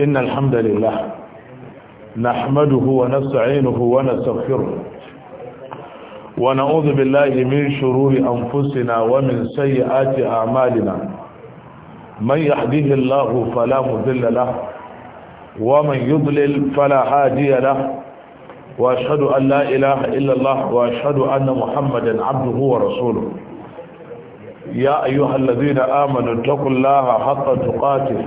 إن الحمد لله نحمده ونستعينه ونستغفره ونعوذ بالله من شرور أنفسنا ومن سيئات أعمالنا من يحديه الله فلا مذل له ومن يضلل فلا هادي له وأشهد أن لا إله إلا الله وأشهد أن محمدا عبده ورسوله يا أيها الذين آمنوا اتقوا الله حق تقاته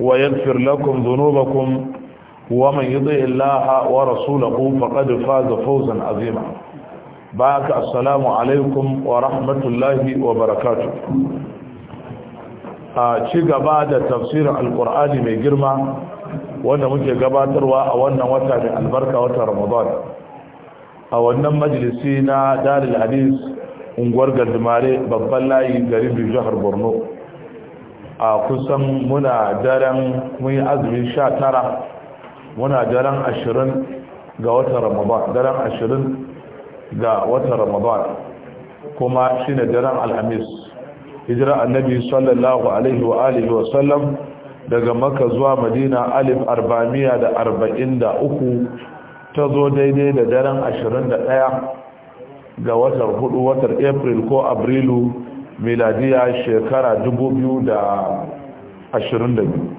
ويغفر لكم ذنوبكم ومن يطع الله ورسوله فقد فاز فوزا عظيما بارك السلام عليكم ورحمة الله وبركاته ci gaba da tafsirin Alƙur'ani mai girma wanda muke gabatarwa a wannan wata mai albarka wata ramadan a wannan majalisi na darul unguwar gardimare babban layi garin jihar borno a kusan muna daren mun yi azumi sha tara muna daren ashirin ga watan ramadan daren ashirin ga wata ramadan kuma shi ne daren alhamis hijira annabi sallallahu alaihi wa alihi wa sallam daga maka zuwa madina alif arba'amiya da arba'in da uku ta zo daidai da daren ashirin da ɗaya ga watar hudu watar april ko abrilu Miladiya shekara da ashirin 2022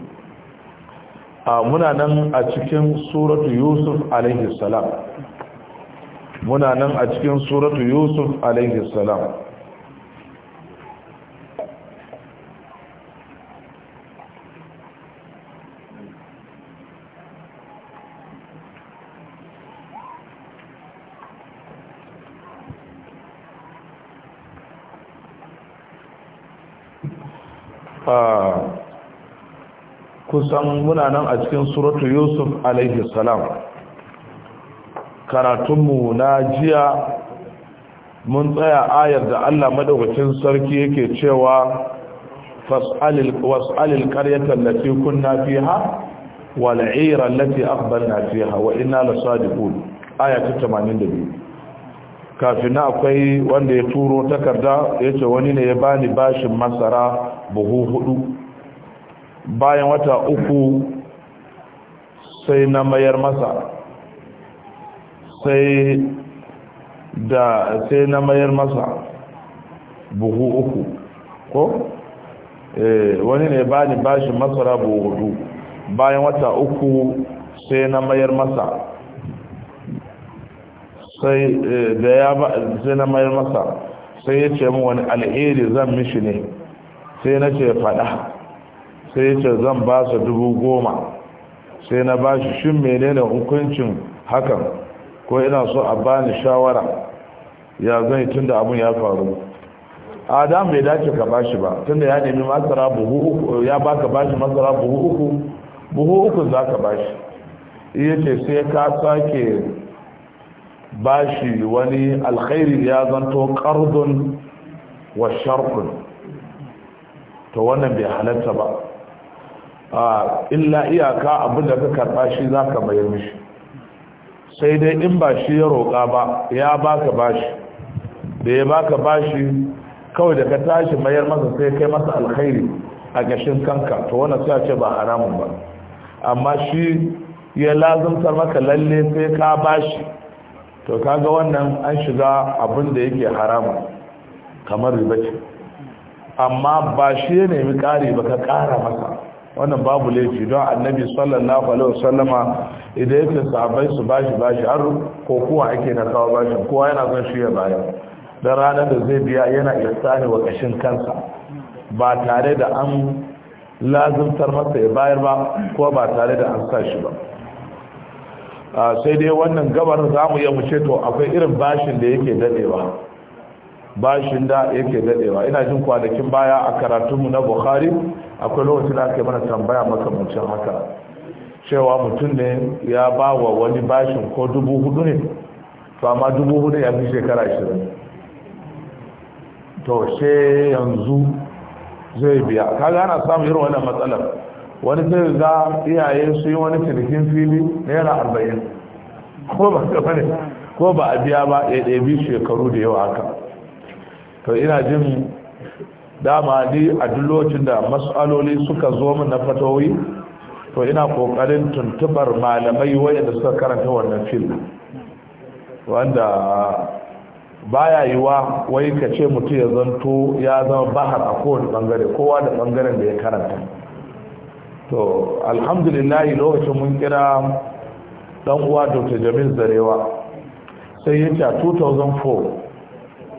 a muna nan a cikin suratu yusuf alaihi salam muna nan a cikin suratu yusuf alaihi salam kusan muna nan a cikin suratu yusuf alaihi salam karatunmu na jiya mun tsaya ayar da allah madawacin sarki yake cewa fas'alil karyatar lati kunna fiha wal ira lati fi ha, wa ina inna Ayata tamanin da 82 kafin akwai wanda ya turo takarda ya ce wani ne ya bani bashin masara buhu hudu bayan wata uku sai na mayar masa sai da sai na mayar masa buhu uku ko eh, wani ne ba ni bashi masara buhu hudu bayan wata uku sai na mayar masa sai eh, da ya sai na mayar masa sai ya ce mu wani alheri zan mishi ne sai na ce fada sai ya ce zan ba su dubu goma sai na ba shi shin menene hukuncin hakan ko ina so a bani shawara ya zai tun da abin ya faru adam bai dace ka bashi ba tun da ya nemi masara buhu uku ya ba ba bashi masara buhu uku buhu uku za ka bashi iya ce sai ka sake bashi wani alkhairi ya zanto kardun wa sharkun to wannan bai halatta ba illa iyaka abin da ka karɓa shi za ka bayar mishi sai dai in ba shi ya roƙa ba ya baka bashi da ya baka bashi kawai da ka tashi mayar masa sai kai masa alkhairi a gashin kanka to wannan sai ce ba haramun ba amma shi ya lazumtar maka lalle sai ka bashi to kaga wannan an shiga abin da yake haramun kamar riba amma ba shi ya nemi kare ba ka kara masa wannan babu laifi don annabi sallallahu alaihi wasallama idan ya ce sahabbai su bashi bashi har ko kuwa ake na kawo bashi kowa yana son shi ya bayar ranar da zai biya yana ihsani wa kashin kansa ba tare da an lazimtar masa ya bayar ba ko ba tare da an sa shi ba sai dai wannan gabar za mu yi mu ce to akwai irin bashin da yake dadewa bashin da yake dadewa ina jin kwanakin baya a karatunmu na bukhari akwai lokacin da aka yi mana tambaya makamancin haka cewa mutum ne ya ba wa wani bashin ko dubu hudu ne to amma dubu hudu ya fi shekara shirin to sai yanzu zai biya ka gana samun irin wannan matsalar wani zai ga iyaye su yi wani cinikin fili naira arba'in ko ba ka bane ko ba a biya ba ya ɗabi shekaru da yawa haka to ina jin dama ni a duk lokacin da mas'aloli suka zo min na fatowi, to ina kokarin tuntubar malamai wayanda suka karanta wannan fil wanda baya yiwa wai ka ce mutum ya zanto ya zama bahar a kowane bangare kowa da bangaren da ya karanta to alhamdulillah lokacin mun kira dan uwa dr jamil zarewa sai ya ce 2004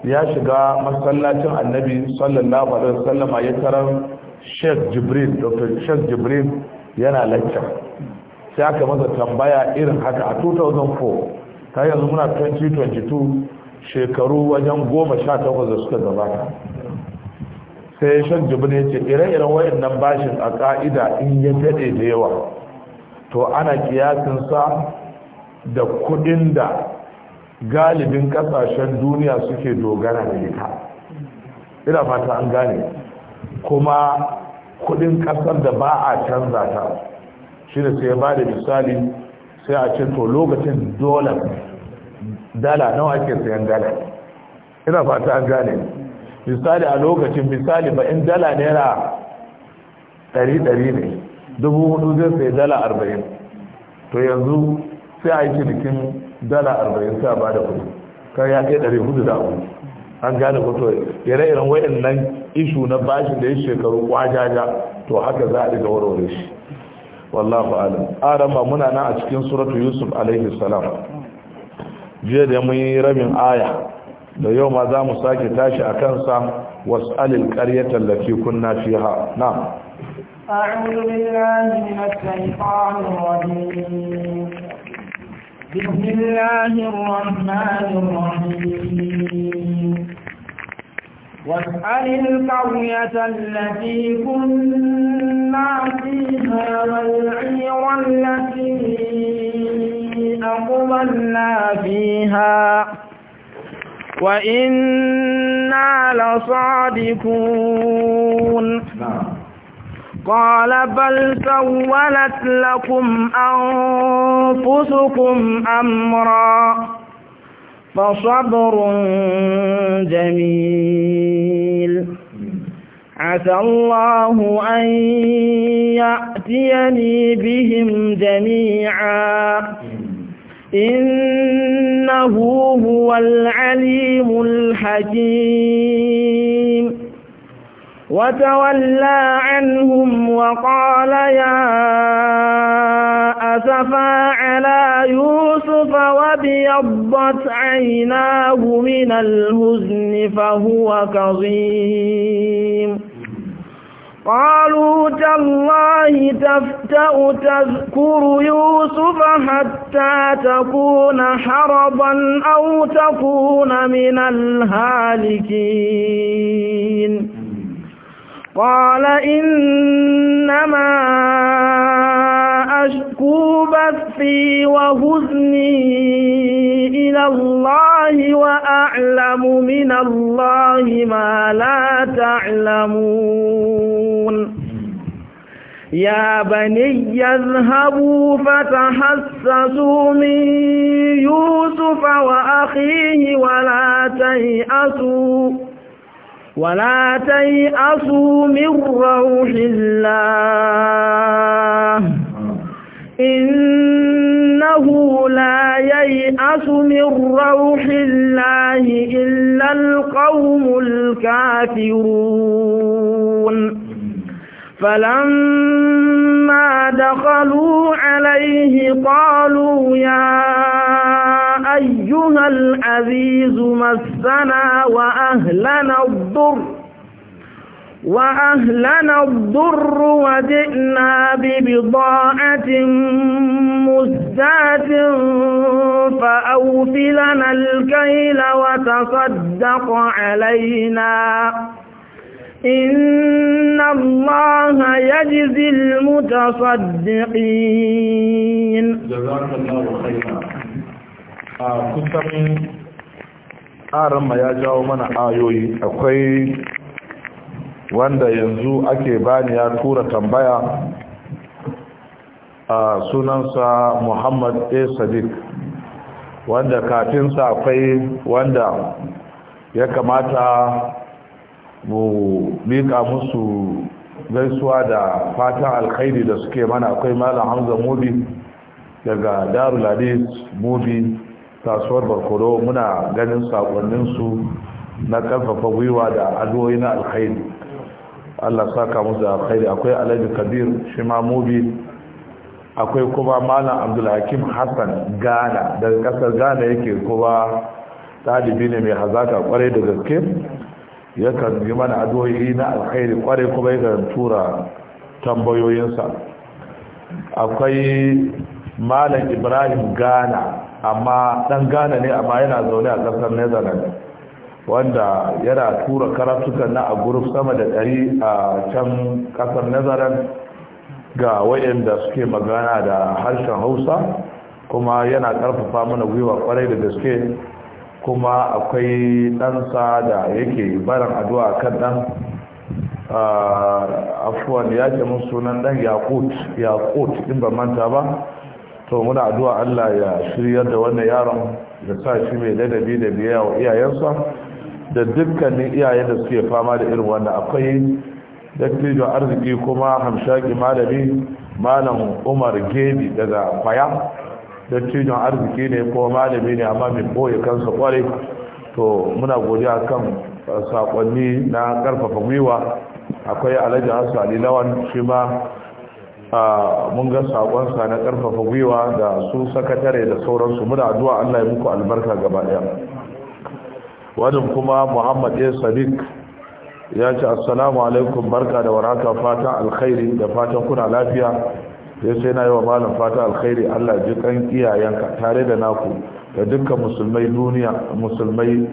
ya shiga masallacin annabi sallallahu alaihi wasallama ya tarar sheikh jibril dr sheikh jibril yana lacca sai aka masa tambaya irin haka a 2004 ta yanzu muna 2022 shekaru wajen goma sha takwas da suka gabata sai Sheikh Jibril ya ce ire-iren wayannan bashin a ka'ida in ya daɗe da yawa to ana sa da kudin da galibin kasashen duniya suke dogara da ita ina fata an gane kuma kudin kasar da ba a canza ta shi da sai ba da misali sai a ce to lokacin dolar dala nawa ake sayan dala ina fata an gane misali a lokacin misali ba in dala naira ɗari ɗari ne dubu hudu zai sai dala arba'in to yanzu sai a yi cinikin dala arba'in sai bada ba da kuɗi kan ya kai ɗari hudu da abu an gane kuto ire-iren nan ishu na bashin da ya shekaru kwajaja to haka za a daga warware shi wallahu alam arama muna nan a cikin suratu yusuf alaihi salam jiya da mun yi rabin aya da yau ma za mu sake tashi a kansa was'alil qaryata allati kunna fiha na'am a'udhu billahi minash shaitanir rajim بسم الله الرحمن الرحيم واسأل القرية التي كنا فيها والعير التي أقبلنا فيها وإنا لصادقون نعم قال بل سولت لكم أنفسكم أمرا فصبر جميل عسى الله أن يأتيني بهم جميعا إنه هو العليم الحكيم وتولى عنهم وقال يا أسفا على يوسف وابيضت عيناه من الهزن فهو كظيم قالوا تالله تفتأ تذكر يوسف حتى تكون حرضا أو تكون من الهالكين قال إنما أشكو بثي وهزني إلى الله وأعلم من الله ما لا تعلمون يا بني اذهبوا فتحسسوا من يوسف وأخيه ولا تيأسوا ولا تيأسوا من روح الله إنه لا ييأس من روح الله إلا القوم الكافرون فلما دخلوا عليه قالوا يا أيها العزيز مسنا وأهلنا الضر وأهلنا الضر وجئنا ببضاعة مزدات فأوفلنا الكيل وتصدق علينا إن الله يجزي المتصدقين جزاك الله خيرا a kusan ƙaranma ya jawo mana ayoyi akwai wanda yanzu ake bani ya tura tambaya a sunansa muhammad a sadiq wanda kafinsa akwai wanda ya kamata mu miƙa musu gaisuwa da fatan alkhairi da suke mana akwai malam hamza mubi daga darul hadith mubi kasuwar barkoro muna ganin sakonninsu na karfafa gwiwa da addu'o'i na alkhairi Allah saka musu da alkhairi akwai Alhaji Kabir shi ma mubi akwai kuma Malam Abdulhakim Hassan Gana. daga kasar Gana yake kuma ɗalibi ne mai hazaka kwarai da gaske yakan yi mana addu'o'i na alkhairi kwarai kuma yakan tura tambayoyinsa akwai Malam Ibrahim Ghana amma dan gane ne amma yana zaune a ƙasar netherlands wanda yana tura karatukan na a guruf sama da ɗari a can ƙasar netherlands ga wayanda suke magana da harshen hausa kuma yana ƙarfafa mana gwiwa kwarai da gaske kuma akwai ɗansa da yake barin addu'a kan ɗan afuwan ya ce mun sunan ɗan yakut yakut in ba manta ba to muna addu'a Allah ya shiryar da wannan yaron da sa shi mai ladabi da biya wa iyayensa da dukkanin iyayen da suke fama da irin wannan akwai dattijon arziki kuma hamshaki malami malam umar gedi daga kwaya dattijon arziki ne ko malami ne amma mai boye kansa kware to muna godiya kan sakonni na karfafa gwiwa akwai alhaji hassan lawan shi ma mun ga sakonsa na karfafa gwiwa da su sakatare da sauransu muna addu'a Allah ya muku albarka gaba daya wajen kuma Muhammad ya Sadiq ya ce assalamu alaikum barka da waraka fata alkhairi da fatan kuna lafiya ya sai na yi wa malam fata alkhairi Allah ji kan iyayenka tare da naku da dukkan musulmai duniya musulmai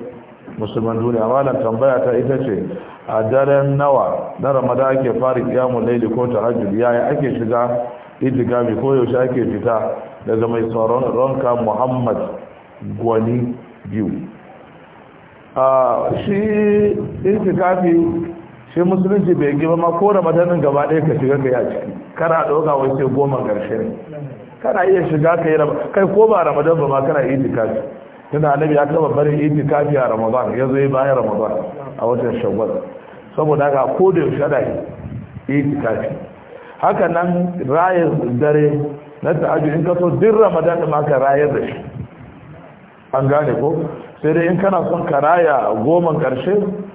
musulman duniya malam tambaya ta ita ce a daren nawa na ramada ake fara kiyamun laili ko tahajjud yaya ake shiga idigami ko yaushe ake fita daga mai tsaron ronka muhammad gwani biyu a shi itikafi shi musulunci bai gima ma ko ramadanin gaba ɗaya ka shiga ka yi a ciki kana ɗauka wai sai goma ƙarshe ne kana iya shiga ka yi kai ko ba ramadan ba ma kana itikafi tana annabi ya taba barin itikafi a ramadan ya zo bayan ramadan a watan shawwal saboda haka ko da yaushe ana itikafi haka nan rayar dare na tahajjud in ka so din ramadan ma ka rayar da shi an gane ko sai dai in kana son ka raya goma karshe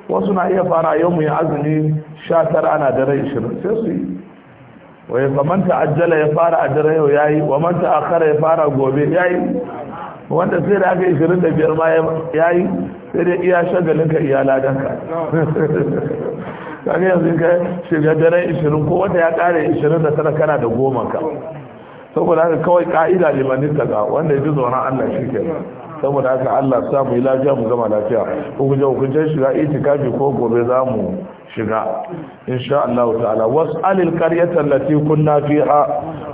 wasu na iya fara yau mu yi azumi sha tara ana dare ishirin sai su yi wa ya man ta'ajjala ya fara a dare yau yayi wa manta akara ya fara gobe yayi wanda sai da aka yi 25 ma ya yi sai da iya shagalinka ka iya ladan ka kaga yanzu ka shiga daren 20 ko wata ya kare 20 da tara kana da goma ka saboda haka kawai ka'ida limanin ta ga wanda ya ji tsoron allah shi kenan saboda haka Allah sa mu lafiya mu gama lafiya ku je shiga itikafi ko gobe za mu shiga insha Allah ta'ala was'alil qaryata allati kunna fiha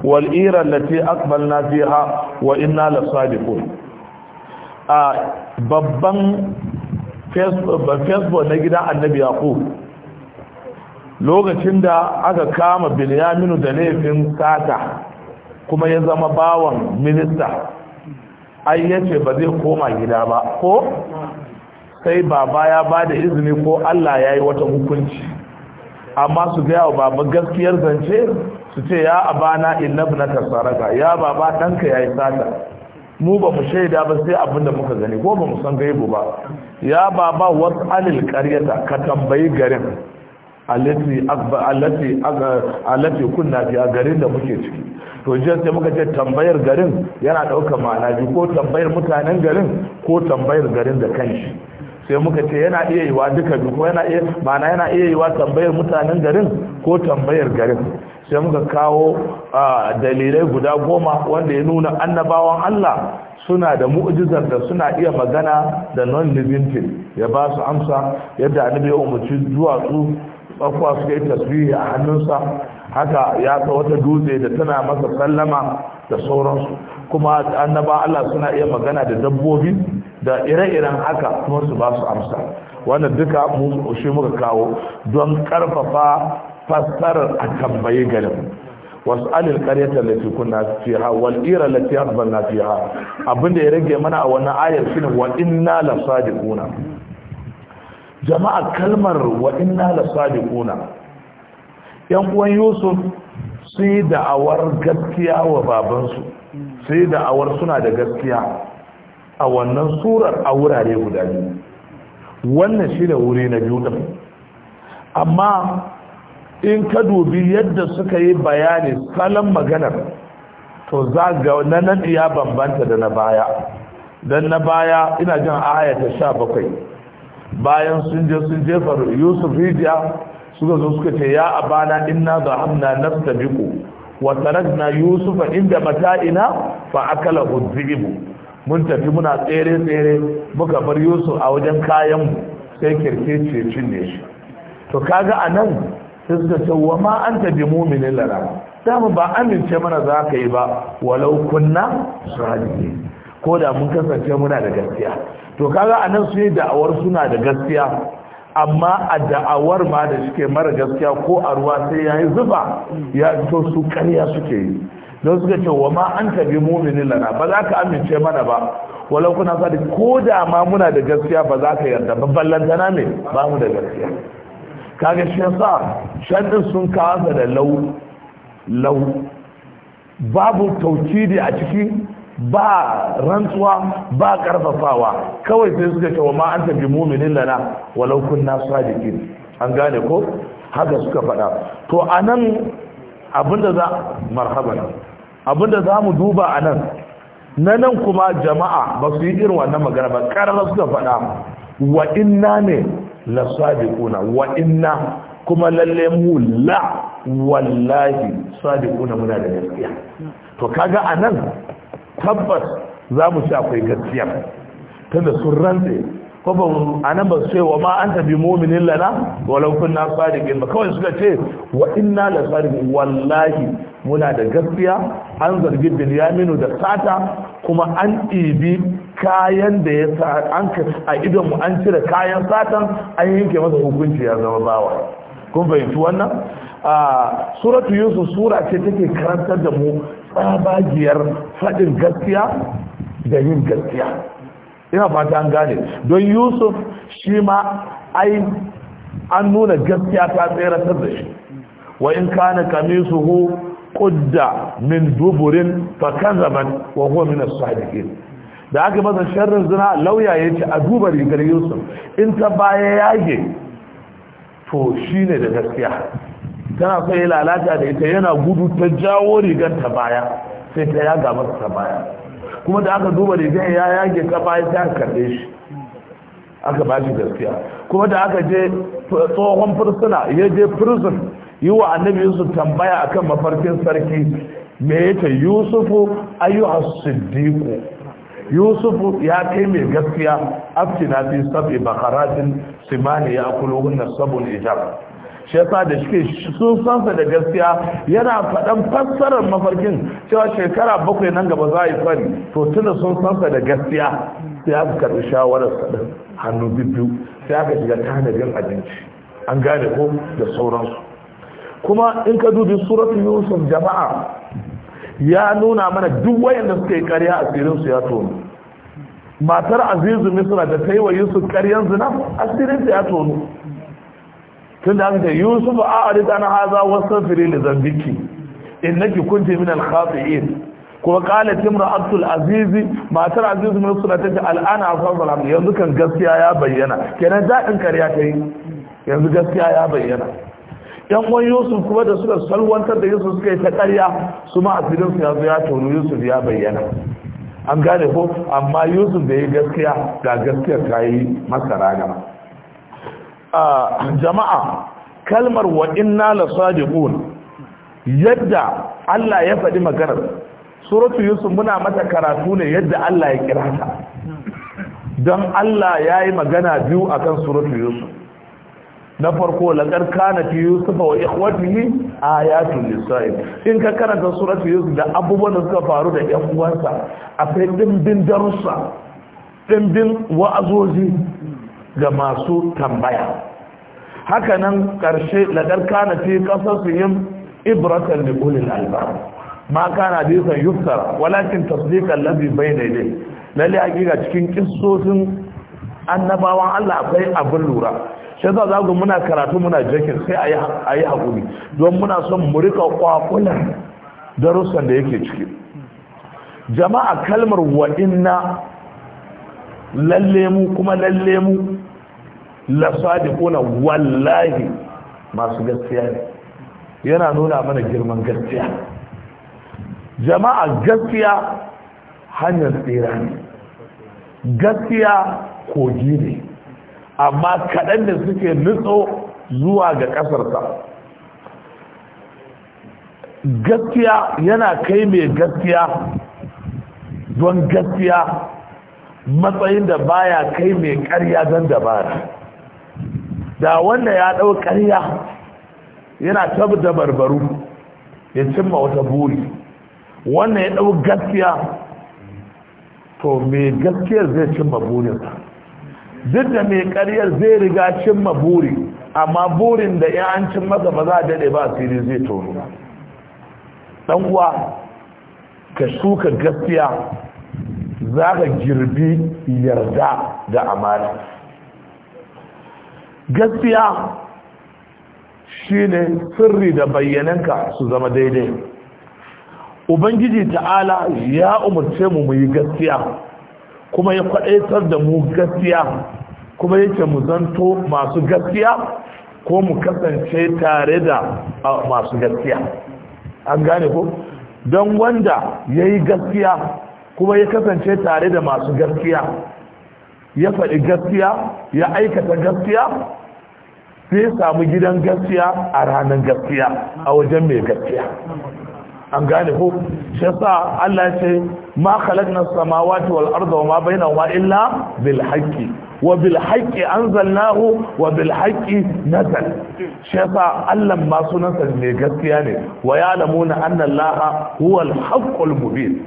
wal ira allati aqbalna fiha wa inna lasadiqun a babban facebook na gidan annabi yaqub lokacin da aka kama bilyaminu da laifin sata kuma ya zama bawan minista ai yace ba zai koma gida ba ko sai baba ya bada izini ko Allah ya yi wata hukunci amma su gaya wa baba gaskiyar zance su ce ya abana innabnaka saraka ya baba ɗanka yayi yi sata mu ba mu shaida ba sai abin da muka gani ko ba mu san gaibu ba ya baba wasu alil karyata ka tambayi garin alati alati kunna fi garin da muke ciki to jiya sai muka ce tambayar garin yana ɗaukar ma'ana bi ko tambayar mutanen garin ko tambayar garin da kanshi sai muka ce yana iya yiwa duka biyu ko yana iya ma'ana yana iya yiwa tambayar mutanen garin ko tambayar garin sai muka kawo dalilai guda goma wanda ya nuna annabawan Allah suna da mu'jizar da suna iya magana da non-living ya ba su amsa yadda annabi ya umarci duwatsu tsakuwa suka yi tasiri a hannunsa haka ya ta wata dutse da tana masa sallama da sauransu kuma annaba Allah suna iya magana da dabbobi da ire-iren haka kuma su ba su amsa wannan duka mu shi muka kawo don karfafa fassarar a tambayi garin wasu alil karyatar da tukun na fiha wal ira lati na fiha abinda ya rage mana a wannan ayar shine wa inna la sadiquna jama'a kalmar wa inna la sadiquna yan uwan yusuf sai da'awar gaskiya wa babansu sai da'awar suna da gaskiya a wannan surar a wurare guda biyu wannan shi da wuri na biyu ɗin amma in ka dubi yadda suka yi bayani salon maganar to za ga nan iya bambanta da na baya don na baya ina jin ayata sha bakwai bayan sun je sun jefa yusuf rijiya suka zo suka ce ya abana inna nafta biku wa tarakna yusufa inda mata'ina fa akala dhibu mun tafi muna tsere tsere muka bar yusuf a wajen kayan mu sai kirkece ce cinne shi to kaga anan sai suka ce wa ma anta bi mu'minin lana dama ba amince mana za ka yi ba walau kunna sadiqin ko da mun kasance muna da gaskiya to kaga anan su yi da'awar suna da gaskiya amma a da'awar ma da suke mara gaskiya ko a ruwa sai yayi zuba ya to su karya suke yi don suka ce wa ma an tabi mumini lana ba za ka amince mana ba walau kuna sadi ko da ma muna da gaskiya ba za ka yarda ba ballantana ne ba mu da gaskiya kaga shi yasa shaddin sun kawo da lau lau babu taukidi a ciki ba rantsuwa ba karfafawa kawai sai suka ce wa ma an mu'minin lana walau kunna sadiqin an gane ko haka suka faɗa to anan abinda za marhaban abinda za mu duba anan na nan kuma jama'a ba su yi irin wannan magana ba ƙarar suka faɗa wa inna ne la sadiquna wa inna kuma lalle mu la wallahi sadiquna muna da gaskiya to kaga anan tabbas za mu ci akwai gaskiya tunda sun rantse ko ba anan ba su ce wa ma anta bi mu'minin lana walau kunna sadiqin ba kawai suka ce wa inna la sadiqin wallahi muna da gaskiya an zargi Binyaminu da sata kuma an ibi kayan da ya sa an ka a idon mu an cire kayan satan an yanke masa hukunci ya zama bawa kun fahimci wannan a ah, suratu yusuf sura ce take karantar da mu tsabagiyar faɗin gaskiya da yin gaskiya ina fata an gane don yusuf shi ma ai an nuna gaskiya ta tseratar da shi wa in kana hu qudda min duburin fa kazaban wa huwa min as-sadiqin da aka masa sharrin zina lauya yace a duba rigar yusuf in ta baya yage to shi ne da gaskiya tana so ya lalata da ita yana gudu ta jawo rigar ta baya sai ta ya masa ta baya kuma da aka duba rigar ya yage ta baya ta karbe shi aka ba shi gaskiya kuma da aka je tsohon fursuna ya je prison yi wa annabi yusuf tambaya akan mafarkin sarki me yake yusufu ayyuha siddiqu yusufu ya kai mai gaskiya na fi sab'i bakaratin simani ya a hunna sabul shi da shi sun sansa da gaskiya yana faɗan fassarar mafarkin cewa shekara bakwai nan gaba za a yi fari to tuna sun sansa da gaskiya sai aka karɓi shawarar saɗin hannu biyu sai aka shiga tanadin abinci an gane ko da sauransu kuma in ka dubi surat yusuf jama'a ya nuna mana duk wayanda suka yi karya a su ya tono matar azizu misra da ta yi wa yusuf karyan zina su ya tono tun da haka yusuf a arita na haza wasu firin da zambiki in nake kunce min alkhafi'in kuma kala timra abdul azizi matar aziz min suna ta ce al'ana a salam yanzu kan gaskiya ya bayyana kenan daɗin karya ta yi yanzu gaskiya ya bayyana yan uwan yusuf kuma da suka salwantar da yusuf suka yi ta karya su ma asirin su yanzu ya tono yusuf ya bayyana an gane ko amma yusuf da yi gaskiya ga gaskiya ta yi masa ragama jama'a kalmar wa inna la sadiqun yadda Allah ya faɗi magana suratu yusuf muna mata karatu ne yadda Allah ya kira ta don Allah yayi magana biyu akan suratu yusuf na farko laƙar kana fi yusuf wa ikhwatihi ayatul lisa'il in ka karanta suratu yusuf da abubuwan da suka faru da yan uwansa akwai dimbin darussa dimbin wa'azoji ga masu tambaya Haka nan karshe ladar kana fi yin ibratan da ulil albab ma kana yusa yusara walakin tasdiqan ladhi bayna yadayhi lalle hakika cikin kissosin annabawan Allah akwai abin lura sai za zagu muna karatu muna jakin sai a yi haƙuri don muna son mu rika kwakulan darussan da yake ciki jama'a kalmar wa'inna lalle mu kuma lalle mu la sadiquna wallahi masu gaskiya ne yana nuna mana girman gaskiya jama'a gaskiya hanyar tsira ne gaskiya kogi ne amma kaɗan da suke nutso zuwa ga ƙasarsa gaskiya yana kai mai gaskiya don gaskiya matsayin da baya kai mai ƙarya don dabara da wanda ya ɗau ƙarya yana tabi da barbaru ya cimma wata buri wanda ya ɗau gaskiya to mai gaskiyar zai cimma burinsa duk da mai ƙarya zai riga cimma buri amma burin da ya an cin masa ba za a daɗe ba siri zai tono ɗan uwa ka shuka gaskiya za ka girbi yarda da amana gaskiya shine sirri da bayyananka su zama daidai ubangiji ta'ala ya umarce mu mu yi gaskiya kuma ya kwadaitar da mu gaskiya kuma yake mu zanto masu gaskiya ko mu kasance tare da masu gaskiya an gane ko don wanda ya yi gaskiya kuma ya kasance tare da masu gaskiya ya faɗi gaskiya ya aikata gaskiya sai samu gidan gaskiya a ranar gaskiya a wajen mai gaskiya an gane ko shi yasa Allah ce ma khalaqna samawati wal arda wa ma bainahuma illa bil haqqi wa bil haqqi anzalnahu wa bil haqqi nazal shi Allah ma sunansa mai gaskiya ne wa ya'lamuna anna Allah huwa al haqqul mubin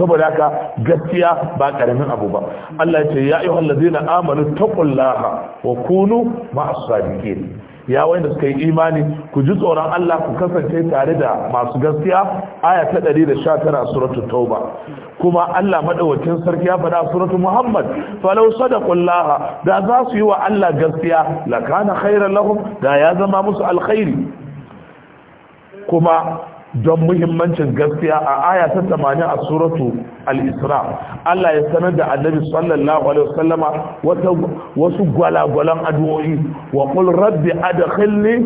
saboda haka gaskiya ba karamin abu ba Allah ce ya ayyuhal ladzina amanu taqullaha wa kunu ma'as sadiqin ya wanda suka yi imani ku ji tsoron Allah ku kasance tare da masu gaskiya aya ta 119 suratul tauba kuma Allah madawacin sarki ya faɗa suratul muhammad falau sadaqullaha da za su yi wa Allah gaskiya la kana khairan lahum da ya zama musu alkhairi kuma don muhimmancin gaskiya a aya ta tamanin a suratu al-isra Allah ya sanar da annabi sallallahu alaihi wasallama wasu gwalagwalan addu'o'i wa qul rabbi adkhilni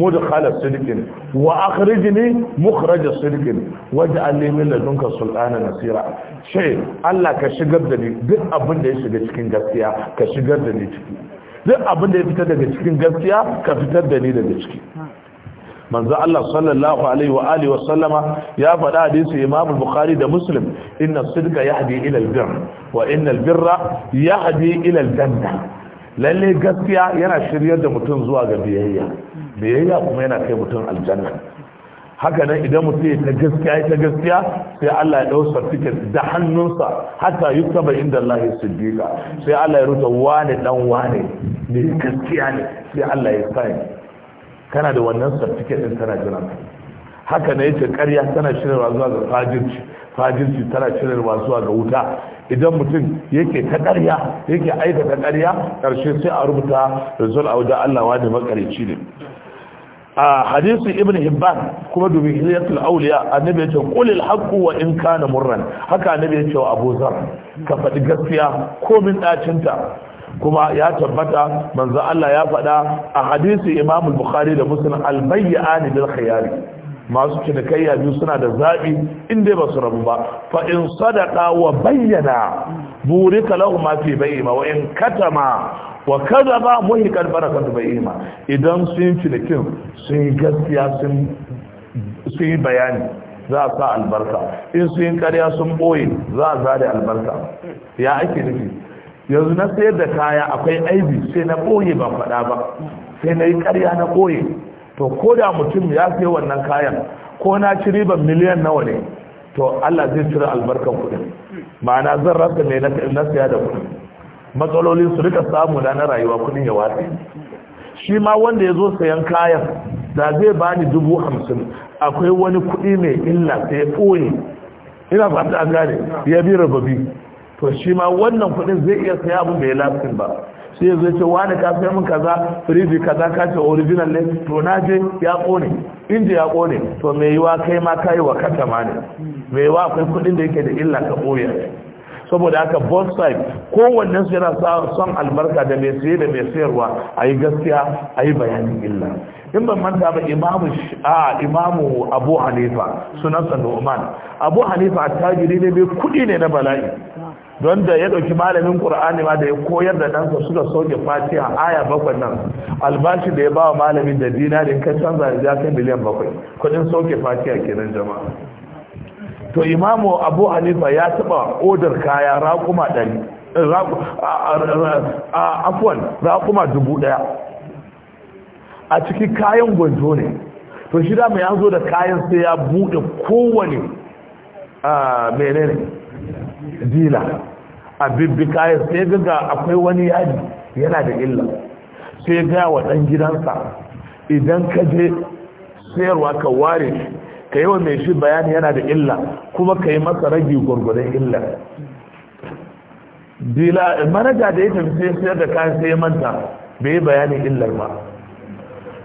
mudkhala sirkin wa akhrijni mukhraja sidqin waj'alni min ladunka sultana nasira Ce Allah ka shigar da ni duk abin da ya shiga cikin gaskiya ka shigar da ni ciki duk abin da ya fitar daga cikin gaskiya ka fitar da ni daga ciki manzo Allah sallallahu alaihi wa alihi wa sallama ya faɗa hadisi Imam Bukhari da Muslim inna sidqa yahdi ila birr wa inna birra yahdi ila aljanna lalle gaskiya yana shiryar da mutum zuwa ga biyayya biyayya kuma yana kai mutum aljanna haka nan idan mutum ya ta gaskiya ya ta gaskiya sai Allah ya dau certificate da hannunsa hatta yuktaba inda Allah siddiqa sai Allah ya rubuta wane dan wane ne gaskiya ne sai Allah ya sani kana da wannan certificate din tana jira haka ne yace ƙarya tana shirarwa zuwa ga fajirci fajirci tana shirarwa zuwa ga wuta idan mutum yake ta ƙarya yake aikata ƙarya ƙarshe sai a rubuta rizal a wajen Allah wani makarici ne a hadisi ibn hibban kuma dubi hilayatul auliya annabi ya ce qulil haqqu wa in kana murran haka annabi ya ce wa abu ka faɗi gaskiya ko min dacinta kuma ya tabbata manzo Allah ya faɗa a hadisi Imam Bukhari da Muslim al-bayyani bil khiyari masu cinikayya biyu suna da zaɓi in dai ba su rabu ba fa in sadaqa wa bayyana burika lahu ma fi bayyima wa in katama wa kadaba muhiqal barakatu bayyima idan sun cinikin sun gaskiya sun sun yi bayani za a sa albarka in sun yi ƙarya sun ɓoye za a zare albarka ya ake nufi yanzu na sayar da kaya akwai aibi sai na ɓoye ba faɗa ba sai na yi ƙarya na ɓoye to ko da mutum ya sayi wannan kayan ko na ci riban miliyan nawa ne to Allah zai cire albarkan kuɗin ma'ana zan rasa mai na saya da kuɗi. matsalolin su rika samu na na rayuwa kuɗin ya watsi shi ma wanda ya zo sayan kayan da zai bani dubu hamsin akwai wani kuɗi mai illa sai ya ɓoye ina fata an gane ya bi rababi to shi ma wannan kudin zai iya saya abin bai lafin ba sai ya zai ce wani ka sai min kaza firiji kaza ka ce original ne to na je ya kone inji ya kone to mai yiwa kai ma kai wa kata ma ne mai yiwa akwai kudin da yake da illa ka boye saboda haka both side wannan su yana son albarka da mai siye da mai sayarwa a gaskiya ayi yi bayanin illa in ban manta ba imamu a imamu abu hanifa sunansa nu'man abu hanifa tajiri ne mai kudi ne na bala'i don da ya ɗauki malamin ƙur'ani ma da ya koyar da dansa suka soke fatiha aya bakwai nan albashi da ya ba malamin da dinarin kai canza ya kai miliyan bakwai kudin soke fatiha kenan jama'a to imamu abu hanifa ya taɓa odar kaya raƙuma ɗari eh, afuwan raƙuma dubu ɗaya a cikin kayan gwanjo ne to shi da mai an zo da kayan sai ya buɗe kowane menene dila a bibbika ya sai ga akwai wani yadi yana da illa sai ga wa ɗan gidansa idan ka je sayarwa ka ware ka yi wa mai shi bayani yana da illa kuma ka yi masa ragi gwargwadon illa dila manaja da ya tafi sai sayar da kayan sai manta bai yi bayanin illar ba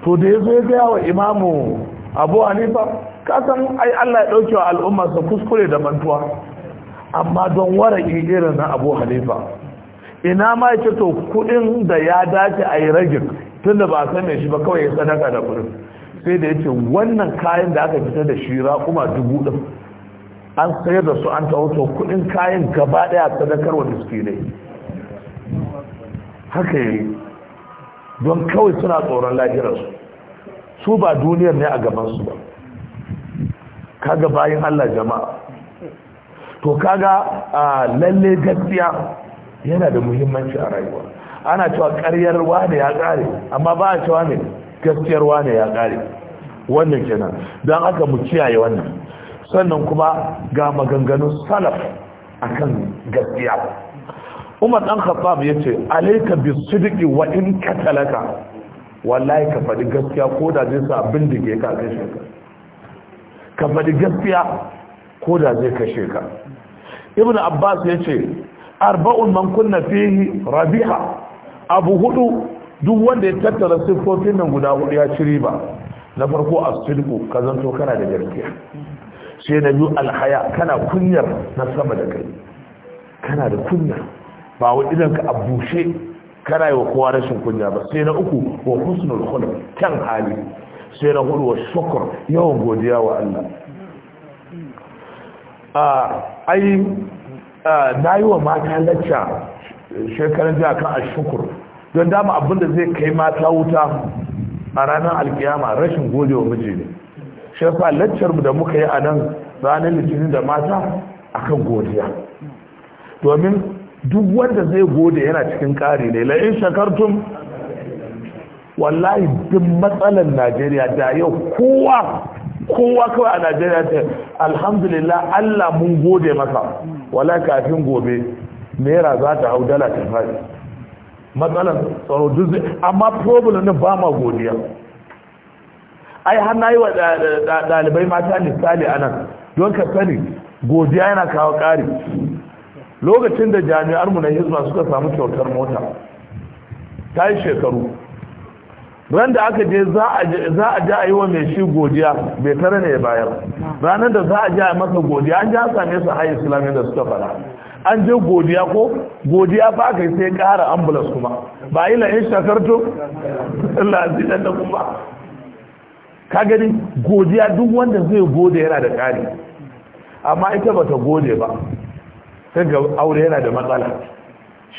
to da ya zo ya gaya wa imamu abu hanifa kasan ai allah ya ɗauke wa al'ummarsa kuskure da mantuwa amma don waraki irin na abu halifa ina ma ce to kudin da ya dace a yi ragin tun da ba san mai shi ba kawai ya sadaka da kudin sai da ya ce wannan kayan da aka fitar da shi kuma dubu ɗin an sayar da su an to kudin kayan gaba ɗaya sadakar wa miskinai haka yi don kawai suna tsoron lahirarsu su ba duniyar ne a gabansu ba kaga bayan allah jama'a to kaga a lalle gaskiya yana da muhimmanci a rayuwa ana cewa karyar wane ya kare amma ba a cewa ne gaskiyar wane ya kare wannan kenan don aka mu kiyaye wannan sannan kuma ga maganganun salaf akan gaskiya umar dan khattab yace alayka bisidqi wa in katalaka wallahi ka faɗi gaskiya ko da zai sa bindige ka kashe ka ka faɗi gaskiya ko da zai kashe ka ibn abbas ya ce arba'un man kunna fihi rabiha abu hudu duk wanda ya tattara siffofin nan guda hudu ya ci riba na farko asfilku ka zanto kana da gaskiya sai na biyu alhaya kana kunyar na sama da kai kana da kunya ba wa idan ka abushe kana yi wa kowa rashin kunya ba sai na uku wa husnul khuluq kan hali sai na hudu wa shukr yawan godiya wa Allah ai na yi wa mata lacca shekarun jiya kan ashukur don dama abinda zai kai mata wuta a ranar alkiyama rashin gode wa miji ne shefa laccar da muka yi a nan ranar litinin da mata a kan godiya domin duk wanda zai gode yana cikin ƙari ne la'in shakartun wallahi duk matsalar najeriya da yau kowa kowa kawai a najeriya ta alhamdulillah allah mun gode masa wala kafin gobe naira za ta hau dala ta fadi matsalar tsaro duk amma problem ne ba ma godiya ai har na yi wa ɗalibai mata misali a nan don ka sani godiya yana kawo ƙari lokacin da jami'ar mu na hizma suka samu kyautar mota ta yi shekaru ran da aka je za a ja a yi wa mai shi godiya bai tare ne ya bayar ranar da za a ji a masa godiya an ja same su a islamin da suka fara an je godiya ko godiya ba ka sai kara ambulance kuma ba yi la'in shakarto dan da kuma ka gani godiya duk wanda zai gode yana da ƙari amma ita bata gode ba sai ga aure yana da matsala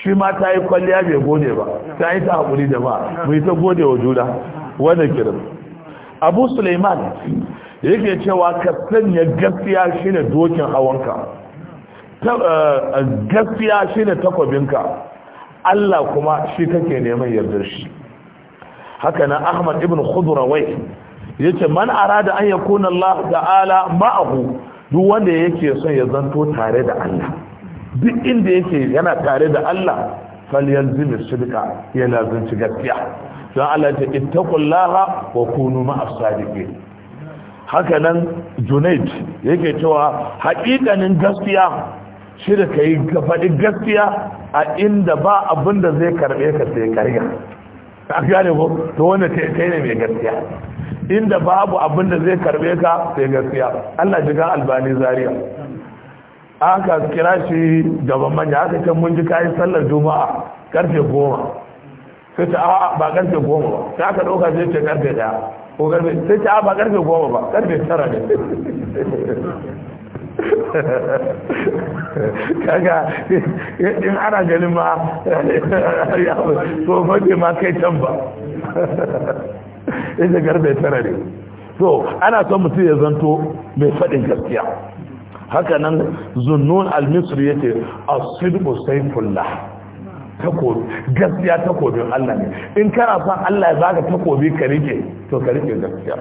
shi ma ta yi kwalliya bai gode ba ta yi ta haƙuri da ba mu ta gode wa juna wanda kirin abu suleiman yake cewa ka sanya gaskiya shi ne dokin hawanka eh, gaskiya shi ne takwabinka allah kuma shi kake neman yardar shi haka na ahmad ibn khudrawai ya ce man arada an yakuna allah ta'ala ma'ahu duk wanda yake son ya zanto tare da allah duk inda yake yana tare da Allah falyalzimi sidqa ya lazunci gaskiya don Allah ta ittaqullaha wa kunu ma'as sadiki haka nan Junaid yake cewa haƙiƙanin gaskiya shi da kai faɗi gaskiya a inda ba abin da zai karɓe ka sai karya a gane ko to wanda kai ne mai gaskiya inda babu abin da zai karɓe ka sai gaskiya Allah jiga albani zaria aka kira shi gaban manya aka can mun ji kayan sallar juma'a karfe goma sai ta a'a ba karfe goma ba sai aka ɗauka sai ce karfe ɗaya ko karfe sai ta a'a ba karfe goma ba karfe tara ne kaga in ana ganin ma so mafi ma kai can ba ita karfe tara ne so ana son mutum ya zanto mai faɗin gaskiya haka nan zunnun al ya yace a sidqu sayfullah takobi gaskiya takobin Allah ne in kana son Allah ya ka takobi ka rike to ka rike gaskiya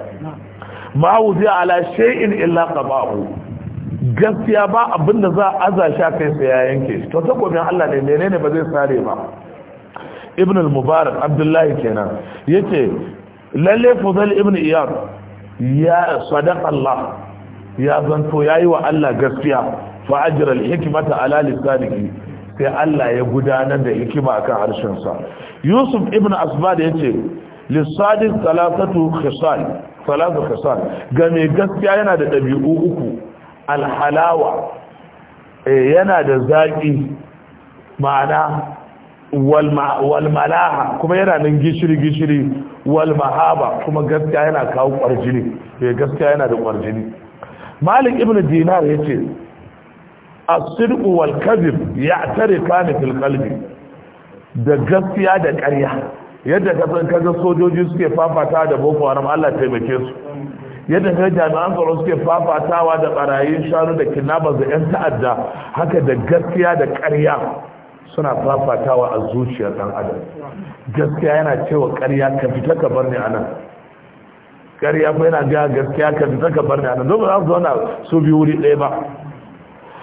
ma wuzi ala shay'in illa qabahu gaskiya ba abinda za a sha kai sai ya yanke to takobin Allah ne menene ba zai sare ba ibn al-mubarak abdullahi kenan yace lalle fudal ibn iyad ya sadaqa Allah ya zanto yayi wa Allah gaskiya fa ajra al hikmata ala lissaniki sai Allah ya gudanar da hikima akan harshen sa Yusuf ibn Asbad yace lisadiq Salatu khisal thalathu khisal ga mai gaskiya yana da ɗabi'u uku alhalawa halawa eh, yana da zaƙi ma'ana walmalaha kuma yana nan gishiri-gishiri walmahaba kuma gaskiya yana kawo kwarjini eh, gaskiya yana da kwarjini malik ibn dinar ya ce asirku wal ya tare kane fil da gaskiya da ƙarya yadda kasan kaga sojoji suke fafata da boko haram allah taimake su yadda kaga jami'an tsaro suke fafatawa da barayi shanu da kidnappers da yan ta'adda haka da gaskiya da ƙarya suna fafatawa a zuciyar dan adam gaskiya yana cewa ƙarya ka fita ka bar ni anan ƙarya fa yana ga gaskiya ka bi saka bar nan zo ba za su su bi wuri ɗaya ba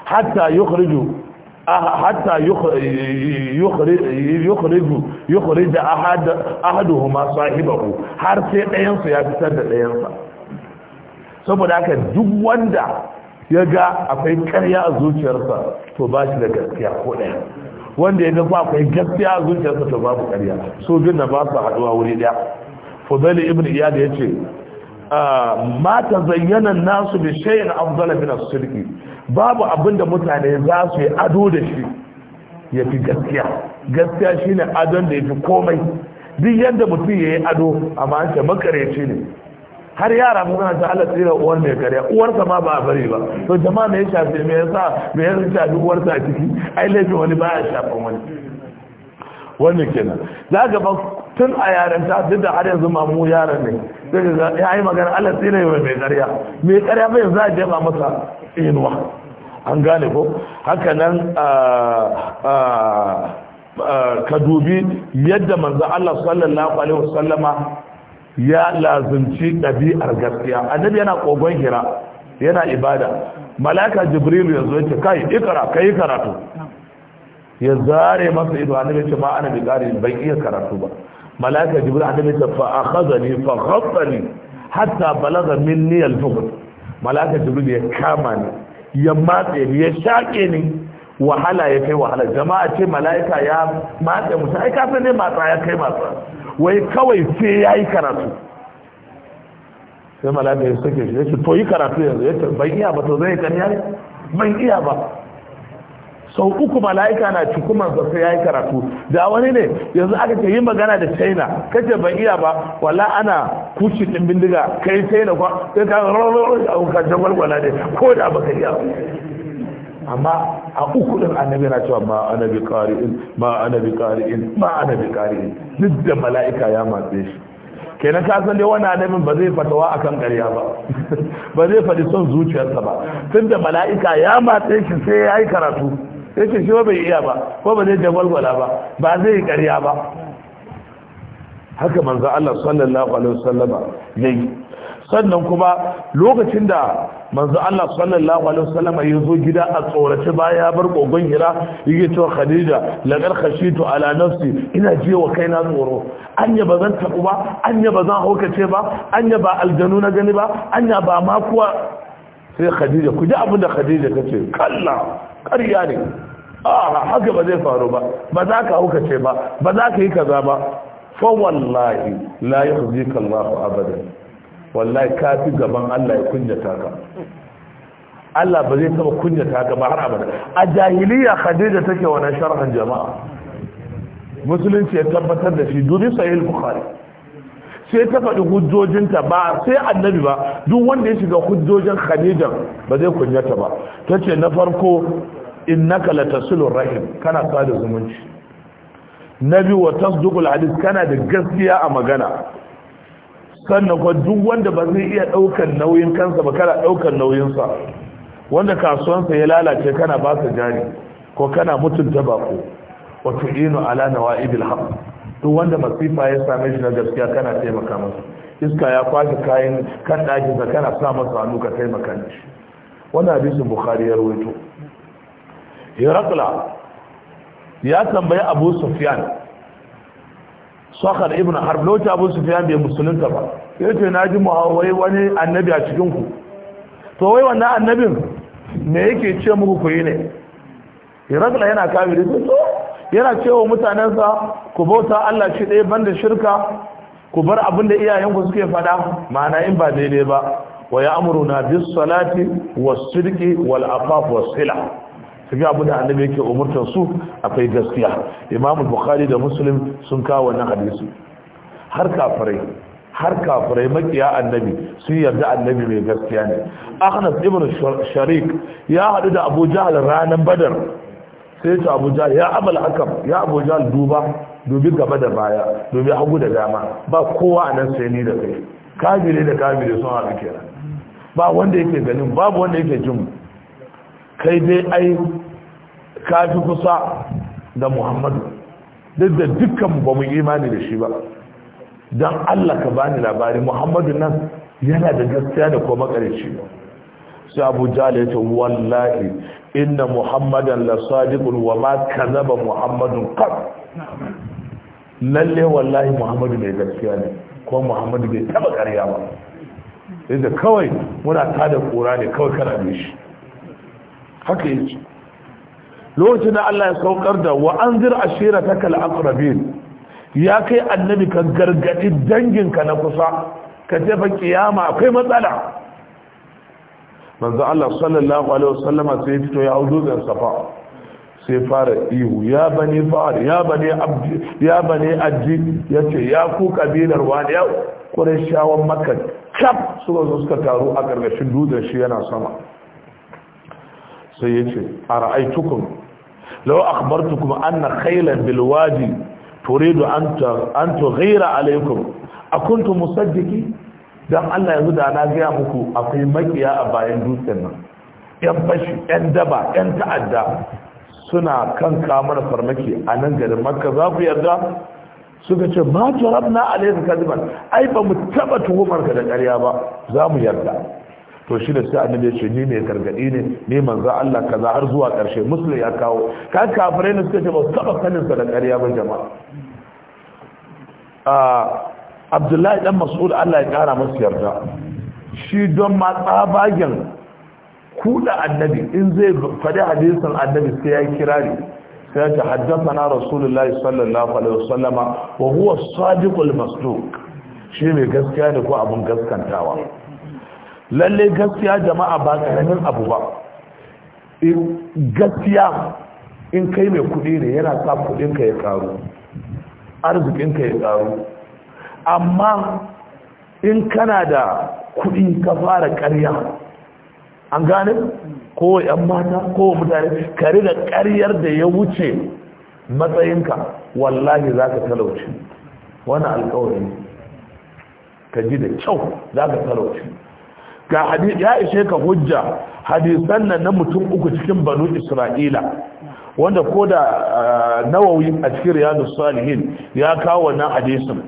hatta yukhriju hatta yukhriju yukhriju ahad ahaduhuma sahibahu har sai ɗayan su ya fitar da ɗayan sa saboda haka duk wanda ya ga akwai ƙarya a zuciyarsa to ba shi da gaskiya ko ɗaya wanda ya ga akwai gaskiya a zuciyarsa to babu ƙarya so bin na ba su haɗuwa wuri ɗaya fudali ibn iyad ya ce ma ta zayyana nasu bi shayin afdala min as-sidqi babu abinda mutane za su yi ado da shi ya fi gaskiya gaskiya shine adon da yafi komai duk yadda mutum ya yi ado amma an ce makareci ne har yara suna ta Allah tsira uwar mai kariya uwarsa ma ba a bari ba to jama'a mai ya shafe me yasa me yasa shafi uwarsa a ciki ai laifin wani ba ya shafan wani wannan kenan za ga ba tun a yaren ta duk da har yanzu mamu yaran ne sai ya yi magana Allah sai ne mai ƙarya mai ƙarya bai za a jefa masa inuwa an gane ko haka nan ka dubi yadda manzo Allah sallallahu alaihi wasallama ya lazimci ɗabi'ar gaskiya annabi yana kogon hira yana ibada malaka jibril yanzu yake kai ikra kai karatu ya zare masa ido annabi ce ma ana bi ban iya karatu ba malaka jibril annabi ta fa akhadhani fa khaffani hatta balagha minni al-fuqr malaka jibril ya kama ni ya matse ni ya shake ni wahala ya kai wahala jama'a ce malaika ya matse mutum ai ka san ne matsa ya kai matsa wai kawai sai yayi karatu sai malaka ya sake shi ya ce to yi karatu yanzu ya ban iya ba to zai kariya ne ban iya ba sau uku mala'ika na cikuman sa sai yayi karatu da wani ne yanzu aka ce yi magana da China kace ban iya ba walla ana kushi din bindiga kai China kwa sai ka ka jagwalgwala ne ko da baka iya amma a uku din annabi na cewa ma annabi qari'in ma annabi qari'in ma annabi qari'in duk da mala'ika ya matse shi kenan ka san dai wannan annabin ba zai fatawa akan ƙarya ba ba zai faɗi son zuciyarsa ba tunda mala'ika ya matse shi sai ya yi karatu yake ce shi bai iya ba ko ba zai jagwalgwala ba ba zai yi karya ba haka manzo Allah sallallahu alaihi wasallama yayi sannan kuma lokacin da manzo Allah sallallahu alaihi wasallama ya zo gida a tsorace baya ya bar gogon hira yake to Khadija laqad khashitu ala nafsi ina wa kaina tsoro anya ba zan tabu ba anya bazan zan haukace ba anya ba aljanu na gani ba anya ba ma sai Khadija ku ji abin da Khadija tace ce kalla ƙarya ne a haka ba zai faru ba ba za ka hauka ce ba ba za ka yi kaza ba fa wallahi la yuhzika Allahu abadan wallahi ka fi gaban Allah ya kunyata ka Allah ba zai taba kunyata ka ba har abada a jahiliya Khadija take wani sharhan jama'a musulunci ya tabbatar da shi dubi sahih bukhari sai ta faɗi hujjojinta ba sai annabi ba duk wanda ya shiga hujjojin khadijan ba zai kunyata ba ta ce na farko innaka latasilur rahim kana sada zumunci nabi wa tasdiqul hadith kana da gaskiya a magana sannan ko duk wanda ba zai iya daukan nauyin kansa ba kana daukan nauyin sa wanda kasuwansa ya lalace kana ba sa jari ko kana mutunta bako wa tu'inu ala nawa'ibil haqq duk wanda masifa ya same shi na gaskiya kana taimaka masa iska ya kwashe kayan kan ɗakinsa kana sa masa hannu ka taimaka shi wannan hadisin bukhari ya rawaito hirakla ya tambayi abu sufyan sakar ibn harb lokacin abu sufyan bai musulunta ba yace ce na ji muhawai wani annabi a cikinku to wai wannan annabin me yake ce muku ku yi ne Herakla yana kafiri to yana cewa mutanen sa ku bauta Allah shi ɗaya banda shirka ku bar abin da iyayen ku suke fada ma'ana in ba daidai ba wa ya'muruna bis salati was sidqi wal afaf was sila su abu da annabi yake umurtar su akwai gaskiya imamu bukhari da muslim sun kawo wannan hadisi har kafirai har kafirai makiya annabi sun yarda annabi mai gaskiya ne akhnas ibn sharik ya hadu da abu jahl ranan badar sai ce abu jahl ya amal hakam ya abu jahl duba dubi gaba da baya dubi hagu da dama ba kowa a nan sai ni da kai kafire da kafire sun haɗu kenan ba wanda yake ganin babu wanda yake jin kai dai ai ka kusa da muhammadu duk da dukkan ba mu imani da shi ba don allah ka bani labari muhammadu nan yana da gaskiya da kuma makarici ba sai abu jala ya ce wallahi inna muhammadan la sadiqun wa ma zaba muhammadun qad lalle wallahi muhammadu mai gaskiya ne ko muhammadu bai taba karya ba yadda kawai muna tada kura ne kawai kana da shi haka ce lokacin da Allah ya saukar da wa an a anzir ashiratakal aqrabin ya kai annabi ka gargadi danginka na kusa ka tafi kiyama akwai matsala manzo Allah sallallahu alaihi wasallama sai fito ya hau da safa sai fara ihu ya bani fa'ar ya bani abdi ya bani addi yace ya ku kabilar wani ya qurayshawan makka cap suka zo suka taru a gargashin dutsen shi yana sama sai ya ce a ra'aitukun lau kuma anna khailan bil wadi turidu an an tughira alaykum akuntu musaddiqi dan Allah yanzu da na ga muku akwai makiya a bayan dutsen nan yan bashi, yan daba yan ta'adda suna kan kamar farmaki a nan garin makka za ku yarda suka ce ma jarabna alayka kadiban ai ba mu taba tuhumar ka da ƙarya ba za mu yarda to shi da sai annabi ya ce ni mai gargadi ne ni manzo Allah kaza har zuwa karshe musulmi ya kawo ka kafirai ne suka ce ba saba taba sanin sa da ƙarya ba jama'a ah Abdullahi dan Mas'ud Allah ya kara masa yarda shi don ma tsabagen kuda annabi in zai faɗi hadisin annabi sai ya kirari sai ya haddasa na rasulullahi sallallahu alaihi wasallama wa huwa sadiqul masduq shi mai gaskiya ne ko abun gaskantawa lalle gaskiya jama'a ba karamin abu ba gaskiya in kai mai kudi ne yana sa kudinka ya karu arzikinka ya karu amma in kana da kudi ka fara ƙarya, an gane ko 'yan mata ko mutane kare da karyar da ya wuce matsayinka wallahi za ka talauci wani alkawari ka ji da kyau za ka talauci ga hadisi ya ishe ka hujja hadisan nan na mutum uku cikin banu isra'ila wanda ko da ah, nawawi a cikin riyadu salihin ya kawo wannan hadisin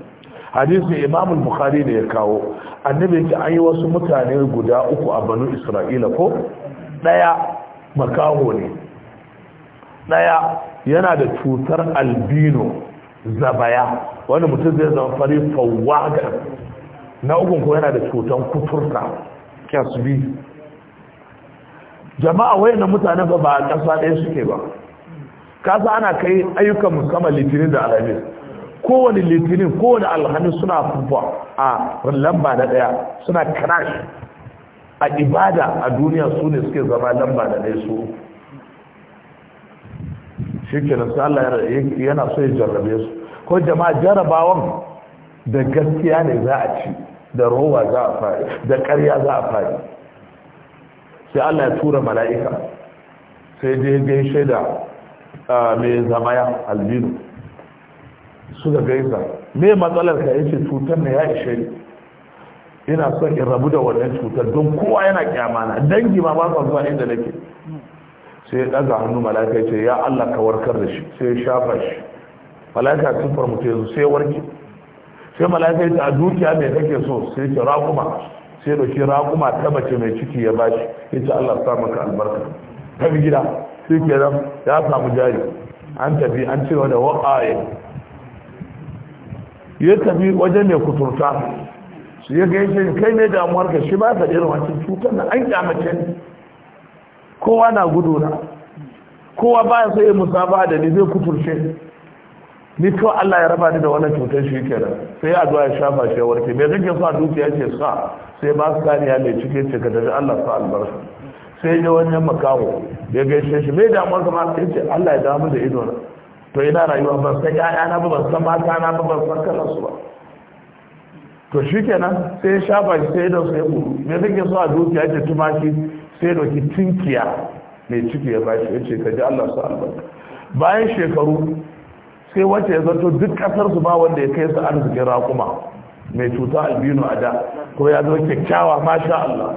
hadisin imam bukhari ne ya kawo annabi ce an yi wasu mutane guda uku a banu isra'ila ko daya makaho ne daya yana da cutar albino zabaya wanda mutum zai zama fari fawwa na ukun ko yana da cutar kuturta kyasbi jama'a na mutane ba ba ƙasa ɗaya suke ba kasa ana kai ayyukan musamman litinin da alhamis kowane litinin kowane alhamis suna fufa a lamba na ɗaya suna crash a ibada a duniya su ne suke zama lamba na ɗaya su shi ke Allah yana so ya jarrabe su ko jama'a jarrabawan da gaskiya ne za a ci da rowa za a fari. da ƙarya za a fari sai Allah ya tura mala'ika sai dai gaishe da mai zamaya albino suka gaisa me matsalar ka yace cutar ne ya ishe ni ina son in rabu da wannan cutar don kowa yana kyama na dangi ma ba su zuwa inda nake sai daga hannu mala'ika ya ce ya Allah ka warkar da shi sai ya shafa shi mala'ika sun farmuta yanzu sai warke sai mala'ika ta a dukiya mai kake so sai ki raƙuma sai dauki raƙuma ta mace mai ciki ya bashi yace Allah sa maka albarka ta gida sai kenan ya samu jari an tafi an cewa da wa'aye ya tafi wajen mai kuturta su ya yake kai ne damuwar ka shi ba ta irin wancan cutar na an kyamace ne. kowa na gudu na kowa baya sai musaba da ni zai kuturce ni kawai Allah ya raba ni da wannan cutar shi nan sai zuwa ya shafa shi warke mai kake sa dukiya ce sa sai ba su kariya mai cike ce ka tafi Allah sa albarka sai ya wani makawo ya gaishe shi me da mun kuma sai ce Allah ya damu da ido to ina rayuwa ban san ƴaƴa na ba ban san mata na ba ban san kansu ba to shikenan sai ya shafa shi sai da sai ku me ke sa dukiya ce tumaki sai doki tinkiya mai ciki ya bashi ya ce ka ji Allah sa albarka bayan shekaru sai wacce ya zato duk kasar su ba wanda ya kai su arzikin raƙuma mai cuta albino a da ko ya zama kyakkyawa masha Allah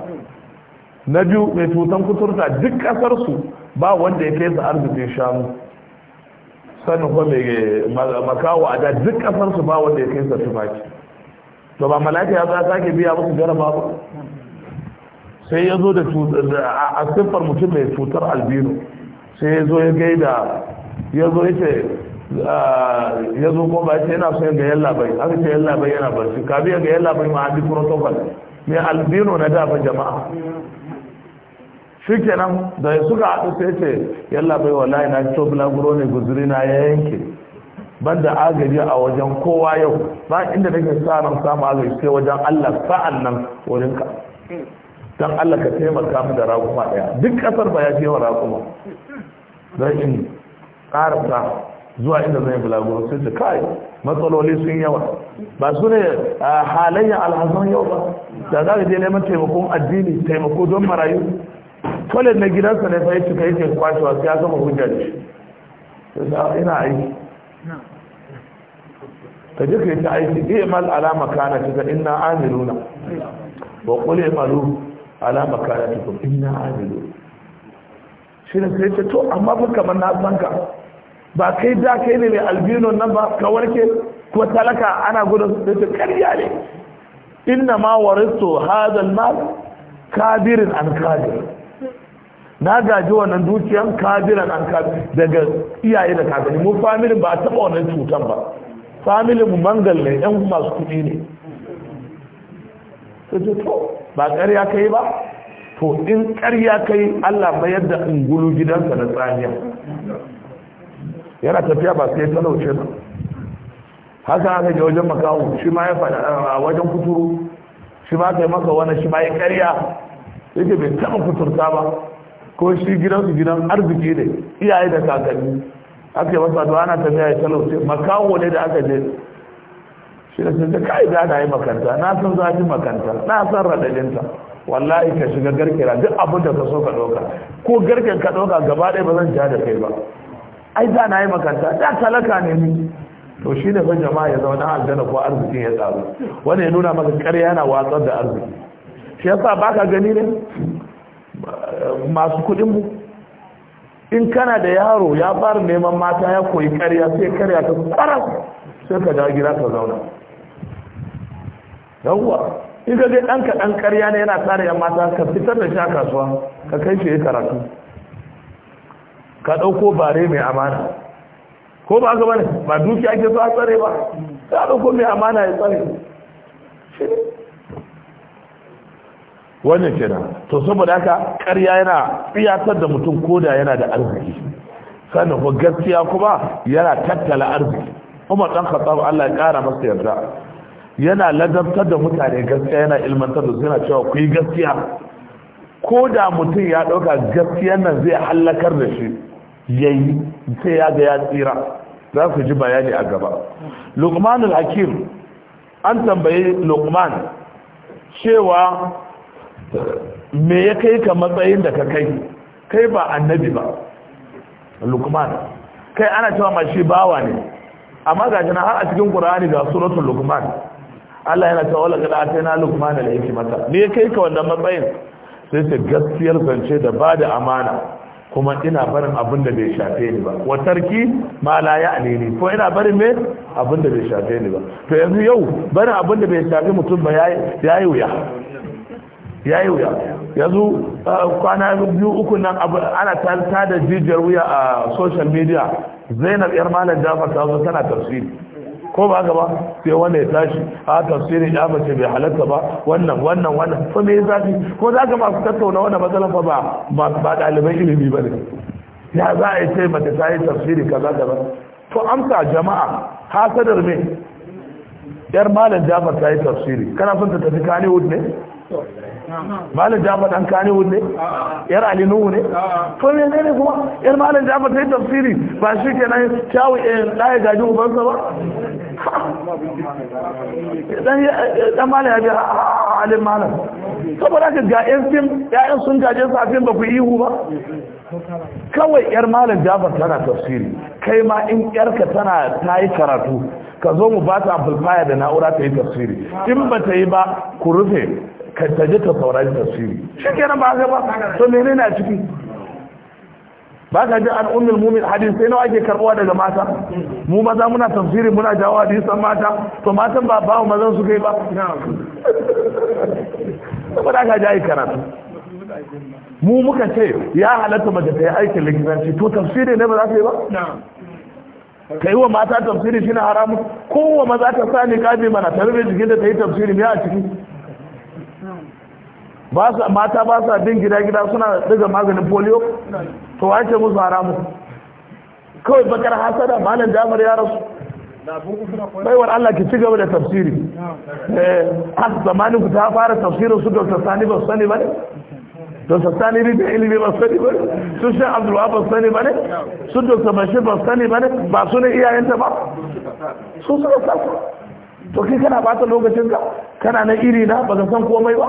na biyu mai cutan kuturta duk kasar su ba wanda ya kai su arzikin shanu sanin ko mai makawa a da duk kasar su ba wanda ya kai su tufaki to ba malaka ya za sake biya musu jaraba ba sai ya zo da a siffar mutum mai cutar albino sai ya zo ya gaida ya zo ya ce ya zo ko ba sai yana so ga yalla bai aka ce yalla bai yana barci ka biya ga yalla bai ma bi protocol me albino na da ba jama'a shikenan da suka haɗu sai ce yalla bai wallahi na to guro ne guzuri na ya yanke ban da agaji a wajen kowa yau ba inda nake sa nan samu agaji sai wajen Allah sa'an nan wurin ka dan Allah ka taimaka mu da raguma daya duk kasar ba ya ce wa raguma dan in ƙara zuwa inda zai bulaguro sai su kai matsaloli sun yawa ba su ne halayen alhazan yau ba da za ka je neman taimakon addini taimako don marayu tole na gidansa ne fa yi cika yake kwashewa sai ya zama hujja ce ah, ina aiki ta je ka yi ta aiki iya mal alama kana cika inna amiluna ba kule malu alama kana cika inna amiluna shi ne sai ce to amma fa kamar na san ka ba kai da kai ne mai albinon nan ba ka warke ko talaka ana gudun da ta karya ne inna ma warisu hadal mal kabirin an kabir na gaji wannan dukiyan Kabirin an kabir daga iyaye da kakanni mu familin ba a taba wannan cutan ba familin mu mangal ne yan masu kudi ne to ba karya kai ba to in karya kai Allah bayar da ungulu gidansa na tsamiya. yana tafiya ba sai talauce ba haka aka je wajen makawo shi ma ya fada a wajen kuturu shi ma kai maka wani shi ma ya karya yake bai taɓa kuturta ba ko shi su gidan arziki ne iyaye da kakanni aka yi masa to ana tafiya ya talauce makawo ne da aka je shi da sun ta kai za ta yi makanta na san zafi makanta na san raɗaɗinta wallahi ka shiga garkira duk abin da ka so ka ɗauka ko garken ka ɗauka gaba ɗaya ba zan ja da kai ba ai da na yi makaranta da talaka ne ni to shi ne ban jama'a ya zauna na aljanna ko arzikin ya tsaro wanda ya nuna maka ƙarya yana watsar da arziki shi yasa ka gani ne masu kuɗin mu in kana da yaro ya fara neman mata ya koyi karya sai ƙarya ta tsara sai ka dawo gida ka zauna yawwa in ka ga ɗanka ɗan ƙarya ne yana tsara yan mata ka fitar da shi a kasuwa ka kai shi ya karatu ka ɗauko bare mai amana ko ba aka bane ba duki ake so a tsare ba ka ɗauko mai amana ya tsare wannan kenan to saboda haka ƙarya yana tsiyatar da mutum koda yana da arziki sannan ko gaskiya kuma yana tattala arziki Umar ɗan Khattab Allah ya kara masa yarda yana ladabtar da mutane gaskiya yana ilmantar da su yana cewa ku yi gaskiya ko da mutum ya ɗauka gaskiyar nan zai hallakar da shi yayi sai ya ga ya tsira za su ji bayani a gaba lukmanul hakim an tambayi lukman cewa me ya kai ka matsayin da ka kai kai ba annabi ba lukman kai ana cewa shi bawa ne amma ga shi har a cikin qur'ani ga suratul lukman Allah yana cewa laqad atayna lukman ke mata me ya kai ka wannan matsayin sai ta gaskiyar zance da ba da amana kuma ina barin abin da bai shafe ni ba wa tarki ma la ya'ni ni ko ina barin me abin da bai shafe ni ba to yanzu yau barin abin da bai shafe mutum ba yayi yayi wuya yayi wuya yanzu kwana biyu uku nan ana tada da jijiyar wuya a social media Zainab yar malam Jafar ta zo tana tafsiri ko ba gaba sai wanda ya tashi a tafsirin ya mace bai halatta ba wannan wannan wannan to me ya zafi ko za ka masu tattauna wannan matsalar fa ba ba ɗaliban ilimi ba ne ya za a yi sai mace ta yi tafsiri kaza kaza to amsa jama'a hasadar me yar malam jafar ta yi tafsiri kana son ta tafi kanewood ne malam jafar an kani ne yar ali nuhu ne to ne ne kuma yar malam jafar sai tafsiri ba shi ke nan kyawu eh dai gaji ubansa ba dan dan ya abi alim malam saboda ka ga yan fim yayan sun gaje su a fim ba ku ihu ba kawai yar malam jafar tana tafsiri kai ma in yarka tana ta yi karatu ka zo mu ba ta da na'ura ta yi tafsiri in ba ta yi ba ku rufe ka taje ka saurari tafsiri shi nan ba a ba to ne a ciki ba ka ji an ummul mu'min hadisi sai nawa ake karbuwa daga mata mu maza muna tafsiri muna jawo hadisan mata to matan ba ba mazan su kai ba da ka ji karatu mu muka ce ya halatta mace ta yi aikin likitanci to tafsiri ne ba za ka yi ba ka yi wa mata tafsiri shi na haramun kowa maza ta sa niƙabi mana ta jikin da ta yi tafsiri ne a ciki mata ba sa bin gida-gida suna daga maganin polio to wace musu haramu kawai bakar hasada malam damar ya rasu baiwar Allah ki ci gaba da tafsiri eh, a zamanin ku ta fara tafsirin su Dr. Sani ba sani ba ne Dr. Sani da ilimi ba sani ba ne su shi abdullawa ba ba sani ba ne su Dr. Bashir ba sani ba ne ba su ne iyayenta ba su rasa sa to kai kana bata lokacin ka kana na iri na baka san komai ba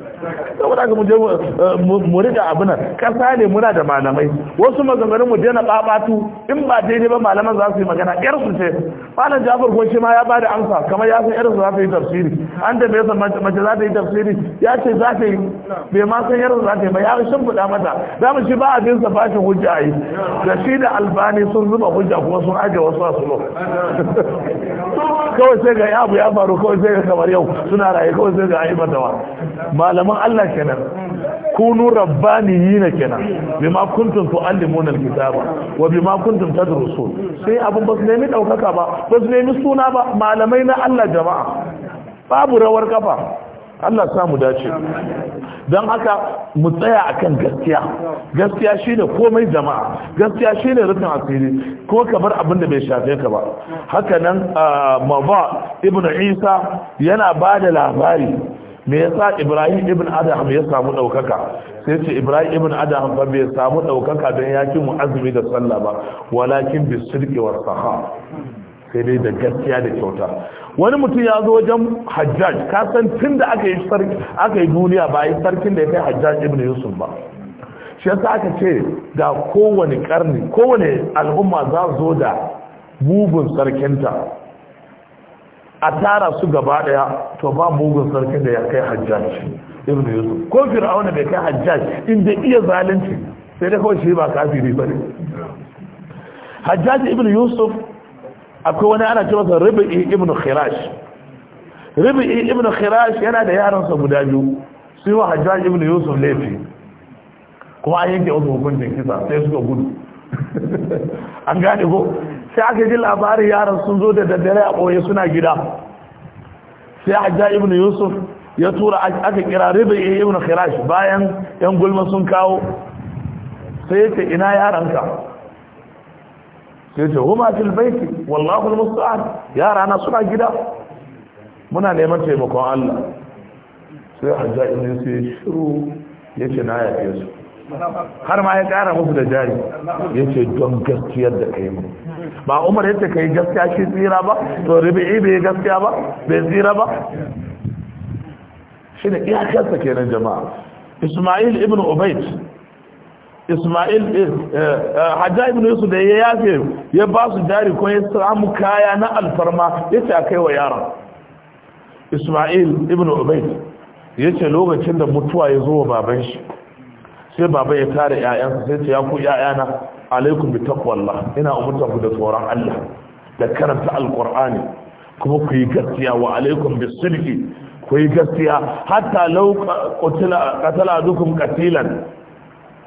saboda ga muje mu rika abin nan kasa ne muna da malamai wasu maganganun mu daina babatu in ba daidai ba malaman za su yi magana yar su ce malam Jafar ko shi ma ya bada amsa kamar ya san yar su za ta yi tafsiri an da bai san mace za ta yi tafsiri ya ce za ta yi bai ma san yar su za ta yi ba ya shin fuda mata za mu shi ba a bin sa bashin hujja yi da shi da albani sun zuba hujja kuma sun aje wasu a lo kawai sai ga abu ya faru kawai sai ga kamar yau suna raye kawai sai ga aibatawa malaman malaman Allah kenan kunu rabbaniyina kenan bima kuntum tuallimuna kitaba wa bima kuntum tadrusun sai abun ba su nemi daukaka ba ba su nemi suna ba malamai na Allah jama'a babu rawar kafa Allah mu dace don haka mu tsaya akan gaskiya gaskiya shine komai jama'a gaskiya shine rufin asiri ko ka bar abin da bai shafe ka ba haka nan ah, maba ibnu isa yana ba da labari me yasa ibrahim ibn adam ya samu daukaka sai ce ibrahim ibn adam ba bai samu daukaka don ya ki mu azumi da sallah ba walakin bi sirqi wa saha sai dai da gaskiya da kyauta wani mutum ya zo wajen hajjaj ka san da aka yi sarki aka yi duniya ba yi sarkin da ya kai hajjaj ibn yusuf ba shi yasa aka ce da kowane karni kowane al'umma za zo da bubun sarkinta a tara su gaba daya to ba mugun sarkin da ya kai hajjaji ibn yusuf ko fir'auna bai kai hajjaj inda iya zalunci sai dai kawai shi ba kafiri bane hajjaji ibn yusuf akwai wani ana cewa masa rubi'i ibn khirash rubi'i ibn khirash yana da yaransa guda biyu sai wa hajjaj ibn yusuf laifi kuma an yanke wasu hukuncin kisa sai suka gudu an gane ko sai aka ji labarin yaran sun zo da daddare a ɓoye suna gida sai hajja ibn yusuf ya tura aka kira ribai ibn khirash bayan yan gulma sun kawo sai ya ce ina yaranka sai ce huma fil baiti wallahu almusta'an yara na suna gida muna neman taimakon Allah sai hajja ibn yusuf ya shiru yace na yafe su har ma ya kara musu da jari ya ce don gaskiyar da yi mu ba umar yadda yi gaskiya shi tsira ba to ribi'i bai gaskiya ba bai tsira ba shi ne iyakarsa kenan jama'a ismail ibn ubaid ismail eh, eh, hajja ibn yusuf da ya yafe ya ba su jari ko ya samu kaya na alfarma ya ce a kai wa yara. ismail ibn ubaid ya ce lokacin da mutuwa ya zo wa baban shi sai baba ya tare ƴaƴansa sai ce ya ku ƴaƴana alaikum bi taqwallah ina umurta ku da tsoron Allah da karanta alqur'ani kuma ku yi gaskiya wa alaikum bis sidqi ku yi gaskiya hatta law qatala qatala dukum qatilan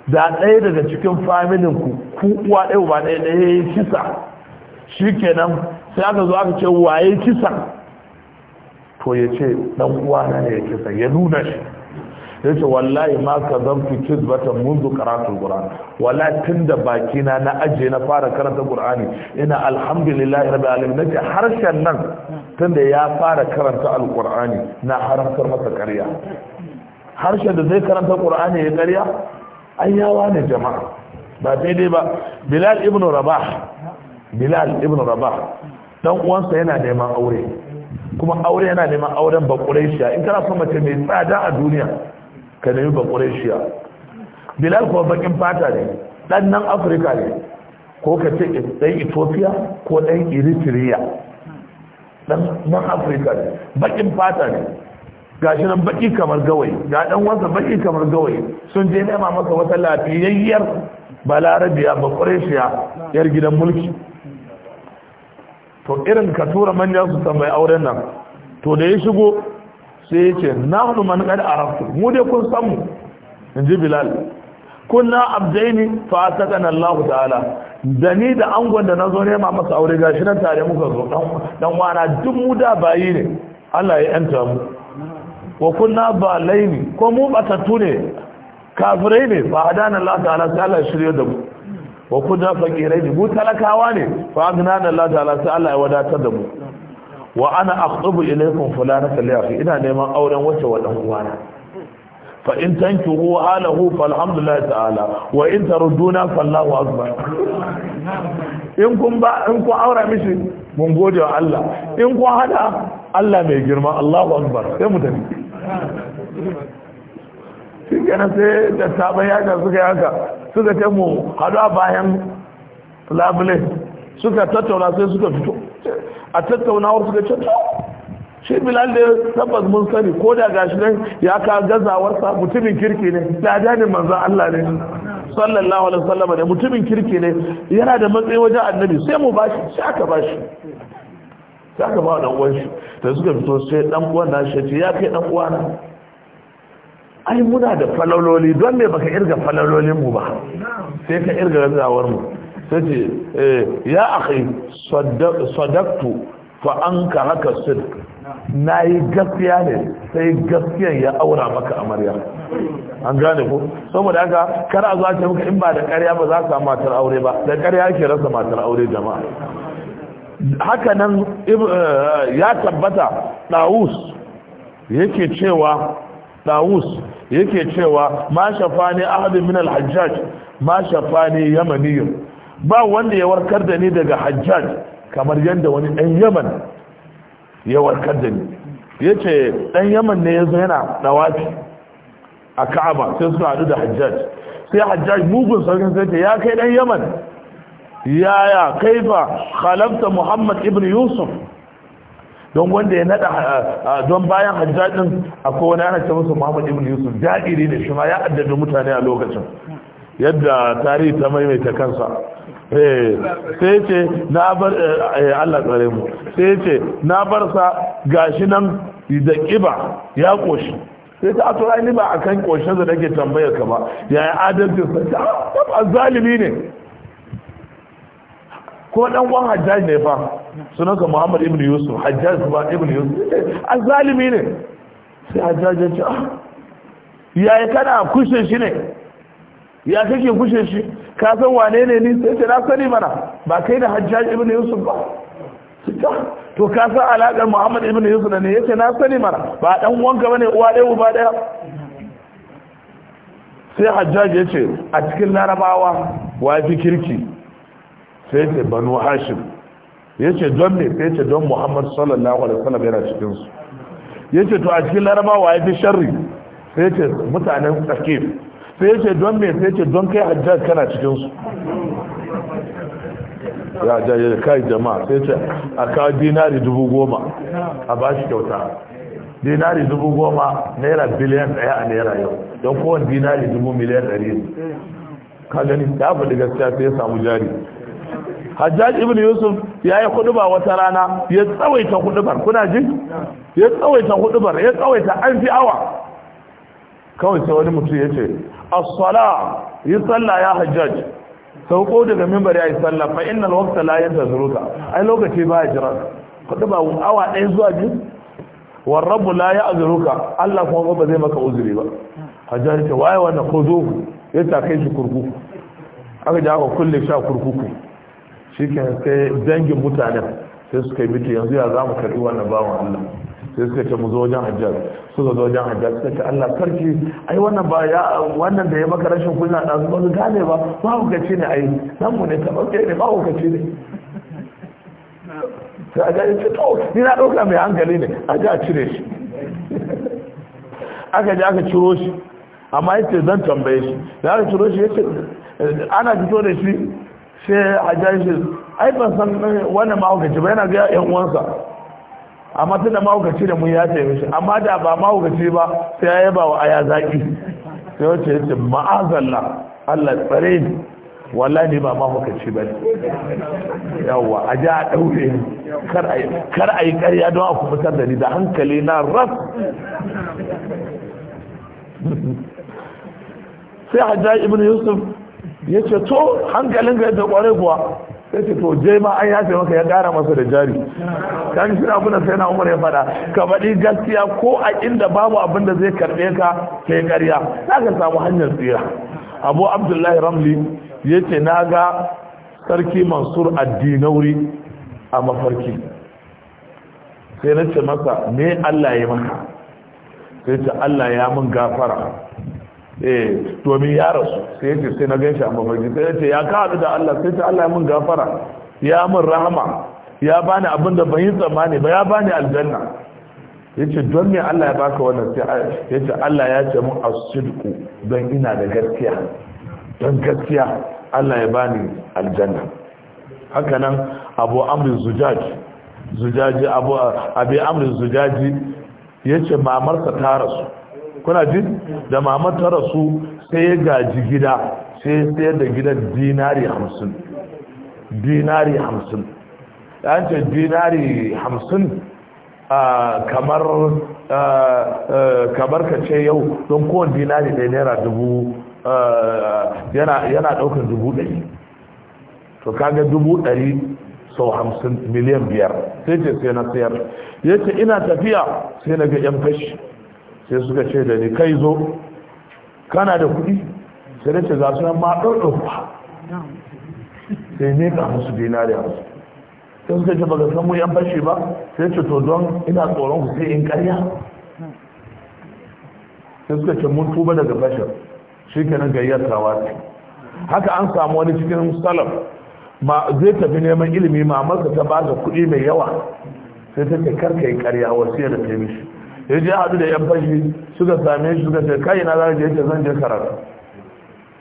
da ɗaya daga cikin familin ku ku uwa ɗaya ba ɗaya ɗaya kisa shikenan sai aka zo aka ce waye kisa to ya ce dan uwa na ne ya kisa ya nuna shi sai ce wallahi ma ka zamtu kizbata mundu qaratul qur'an Wala tunda baki na na aje na fara karanta qur'ani ina alhamdulillahi rabbil alamin nace harshen nan tunda ya fara karanta alqur'ani na haramtar masa ƙarya harshen da zai karanta qur'ani ya ƙarya yawa ne jama'a ba daidai ba bilal ibn rabah bilal ibn rabah dan uwansa yana neman aure kuma aure yana neman auren bakurai shi in kana son mace mai tsada a duniya ka nemi bakureshiya bilal kuma bakin fata ne dan nan afirka ne ko ka ce ɗan ethiopia ko ɗan eritrea dan nan afirka ne bakin fata ne gashi nan baki kamar gawai ga dan wasa baki kamar gawai sun je nema masa wata lafiyayyar balarabiya bakureshiya yar gidan mulki to irin ka tura manya su tambayi auren nan to da ya shigo sai ya ce nahnu man qad araftu mu dai kun san mu inji bilal kunna abdaini fa atakana Allah ta'ala da ni da angon da nazo nema masa aure gashi nan tare muka zo dan dan wana duk mu da bayi ne Allah ya yanta mu wa kunna balaini ko mu batattu ne kafirai ne fa adana Allah ta'ala sai Allah shirye da mu wa kunna fakirai ne mu talakawa ne fa adana Allah ta'ala sai Allah ya wadatar da mu wa ana aqtubu ilaykum fulanaka li akhi ina neman auren wace wa dan uwana fa in tankihu halahu falhamdulillah ta'ala wa in tarudduna fallahu akbar in kun ba in kun aura mishi mun gode wa Allah in kun hada Allah mai girma Allahu akbar sai mu tafi shi kenan sai da taban yaka suka yaka suka ce mu hadu a bayan labule suka tattauna sai suka fito a tattaunawar su ga cewa shi bilal da tabbas mun sani ko da gashi nan ya ka gazawarsa mutumin kirki ne da ne manzan Allah ne sallallahu alaihi wasallam da mutumin kirki ne yana da matsayi wajen annabi sai mu bashi sai aka bashi sai aka ba dan uwan shi da suka fito sai dan uwan da shi ya kai dan uwa na ai muna da falaloli don me baka irga falalolin mu ba sai ka irga gazawar mu sai eh, ya akai sadaktu fa an haka sirk na yi gaskiya ne sai gaskiyan ya aura maka amarya an gane ko saboda haka kar a zuwa ce muka in ba da karya ba za ka matar aure ba da karya ke rasa matar aure jama'a haka nan eh, ya tabbata ɗawus yake cewa ɗawus yake cewa ma shafa ne ahadin min alhajjaj ma shafa yamaniyun ba wanda ya warkar da ni daga hajjaj kamar yadda wani ɗan yaman ya warkar da ni ya ce ɗan yaman ne ya zo yana ɗawafi a ka'aba sai suka haɗu da hajjaj sai hajjaj mugun sarkin sai ce ya kai ɗan yaman yaya kaifa khalafta muhammad ibn yusuf don wanda ya naɗa don bayan hajjajin a wani ana ce musu muhammad ibn yusuf daɗi ne shi ma ya addabi mutane a lokacin yadda tarihi ta maimaita kansa Eh, sai ce na bar eh, eh, Allah tsare mu sai ce na bar sa gashi nan da kiba ya koshi sai ta to ai ba akan koshin da nake tambayar ka ba yaya adalci sai ta ah, zalimi ne ko dan uwan Hajjaj ne fa ka Muhammad ibn Yusuf Hajjaj ba ibn Yusuf zalimi ne sai Hajjaj ya ce ah, yaya kana kushe shi ne ya kake kushe shi ka san wane ne ni sai ce na sani mana ba kai da hajjaj ibn yusuf ba to ka san alaƙar muhammad ibn yusuf ne ya ce na sani mana ba dan wanka ne uwa ɗaya uba ɗaya sai hajjaj ya ce a cikin larabawa wa fi kirki sai ce banu hashim ya ce don ne sai ce don muhammad sallallahu alaihi wasallam yana cikin su ya ce to a cikin larabawa ya fi sharri sai ce mutanen tsakif sai ce don me sai ce don kai hajjaj kana cikin su ya kai jama'a sai ce a kawo dinari dubu goma a bashi kyauta dinari dubu goma naira biliyan daya a naira yau don kowane dinari dubu miliyan ɗari ka gani Ya faɗi gaskiya sai ya samu jari hajjaj ibn yusuf ya yi ba wata rana ya tsawaita hudubar kuna ji ya tsawaita hudubar ya tsawaita an fi awa kawai sai wani mutum ya ce as yi sallah ya hajjaj sauko daga mimbar ya yi sallah fa innal waqta la yantazuruka ai lokaci ba ya jira kada ba awa ɗaya zuwa biyu war rabbu la ya'zuruka Allah kuma ba zai maka uzuri ba hajjaj ta waye wannan ko zo ya ta kai shi kurkuku aka ji aka kulle sha kurkuku shikenan sai dangin mutanen sai suka yi miki yanzu ya za mu karɓi wannan bawan Allah sai suka ce mu zo wajen hajjaz su zo wajen hajjaz suka ce Allah sarki ai wannan ba ya wannan da ya maka rashin kunya da su ba su gane ba ba ku ka ne ai nan mu ne kamar ke ne ba ku gaci ne sai a ga ce to ni na dauka mai hankali ne a ji a cire shi aka ji aka ciro shi amma ce zan tambaye shi da aka ciro shi ce ana fito da shi sai shi ai ban san eh, wannan ma'aukaci ba yana ga yan uwansa amma tunda mahaukaci da mun ya ce mishi amma da ba mahaukaci ba sai ya yaba wa aya zaki sai wace ya ce ma'azalla Allah tsare ni wallahi ni ba mahaukaci ba ne yawwa a ja a ɗaure ni kar a yi ƙarya don a kubutar da ni da hankali na ras sai hajjaj ibn yusuf ya ce to hankalin ga yadda ƙwarai kuwa sai ce to je ma an yafe maka ya gara masa da jari ta ji shi sai na umar ya fada ka baɗi gaskiya ko a inda babu abin da zai karɓe ka sai ƙarya za ka samu hanyar tsira abu abdullahi ramli ya ce na ga sarki mansur addinauri a mafarki sai na ce masa me allah ya maka sai ta allah ya mun gafara eh to ya rasu sai ya ce sai na ganshi a mafarki sai ya ce ya ka da Allah sai ta Allah ya mun gafara ya mun rahama ya bani abin da ban yi tsammani ba ya bani aljanna ya ce don me Allah ya baka wannan sai ya ce Allah ya ce mun asidku don ina da gaskiya don gaskiya Allah ya bani aljanna haka nan abu amrin zujaji zujaji abu abi amrin zujaji ya ce mamarsa ta rasu kuna jin da mama ta rasu sai ya gaji gida sai sai da gidan dinari hamsin dinari hamsin an ce dinari hamsin kamar ka ce yau don kowane dinari ɗaya naira dubu yana ɗaukar dubu ɗari to kaga dubu ɗari sau hamsin miliyan biyar sai ce sai na sayar ya ina tafiya sai na ga yan fashi sai suka ce da ni kai zo kana da kuɗi sai da ce za su nan ma ɗauɗauwa sai ne ka musu dinariya musu sai suka ce ba san mu yan fashi ba sai ce to don ina tsoron ku sai in karya sai suka ce mun tuba daga fashin shi kenan gayyar tawa haka an samu wani cikin salaf ma zai tafi neman ilimi ma mamarsa ta ba da kuɗi mai yawa sai ta ce karka yi karya wasiyar da ta mishi ya ji haɗu da yan fashi suka same shi suka ce kayi na za je zan je karatu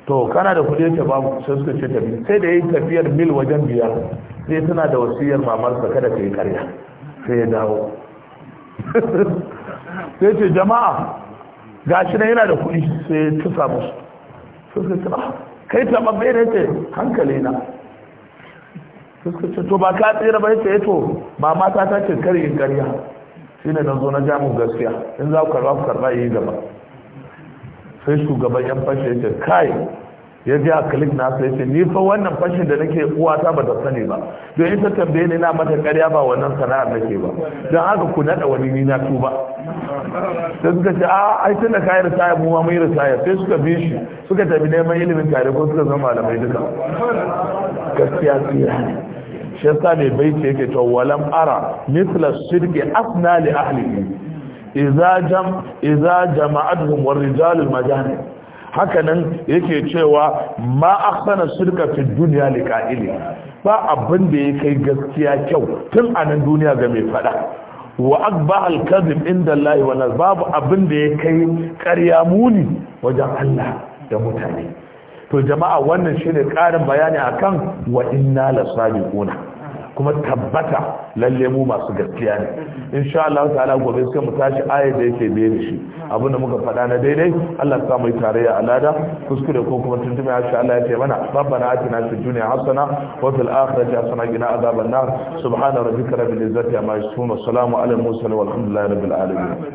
to kana da kuɗi yake ba sai suka ce tafi sai da yi tafiyar mil wajen biyar sai suna da wasiyar mamarsa kada ka yi karya sai ya dawo sai ce jama'a ga shi na yana da kuɗi sai ta samu su suka ce ah, kai ta babbe ne ce hankali na suka ce to ba ka tsira ba ya ce eh, to ba mata ta ce kar yin karya shi ne na zo na jamu gaskiya in za ku karba ku karba yi gaba sai shugaban yan fashe ya ce kai ya ji a kalik na sai ce ni fa wannan fashin da nake uwata ba ta sani ba don ita tambaye ni na mata karya ba wannan sana'ar ke ba don haka ku naɗa wani ni na ba sai suka ce a ai tunda ka yi ritaya mu ma mun yi ritaya sai suka bi shi suka tafi neman ilimin tare ko suka zama malamai duka gaskiya tsira ne shi yasa mai baiti yake to walam ara mithla shirki asna li ahlihi idza jam idza jama'atuhum war rijal hakanan yake cewa ma ahsana shirka fi dunya li ba abin da yake gaskiya kyau tun a nan duniya ga mai fada wa akba al inda Allah wa babu abin da yake ƙarya muni wajen Allah da mutane to jama'a wannan shine karin bayani akan wa inna lasabiquna kuma tabbata lalle mu masu gaskiya ne insha Allah ta'ala gobe sai mu tashi ayar da yake biye da shi abinda muka faɗa na daidai Allah ya tare tarayya alada kuskure ko kuma tuntube insha Allah ya ce mana rabbana atina fid dunya hasana wa fil akhirati hasana qina adhaban nar subhana rabbika rabbil izzati amma yasifun wa salamu alal mursalin walhamdulillahi rabbil alamin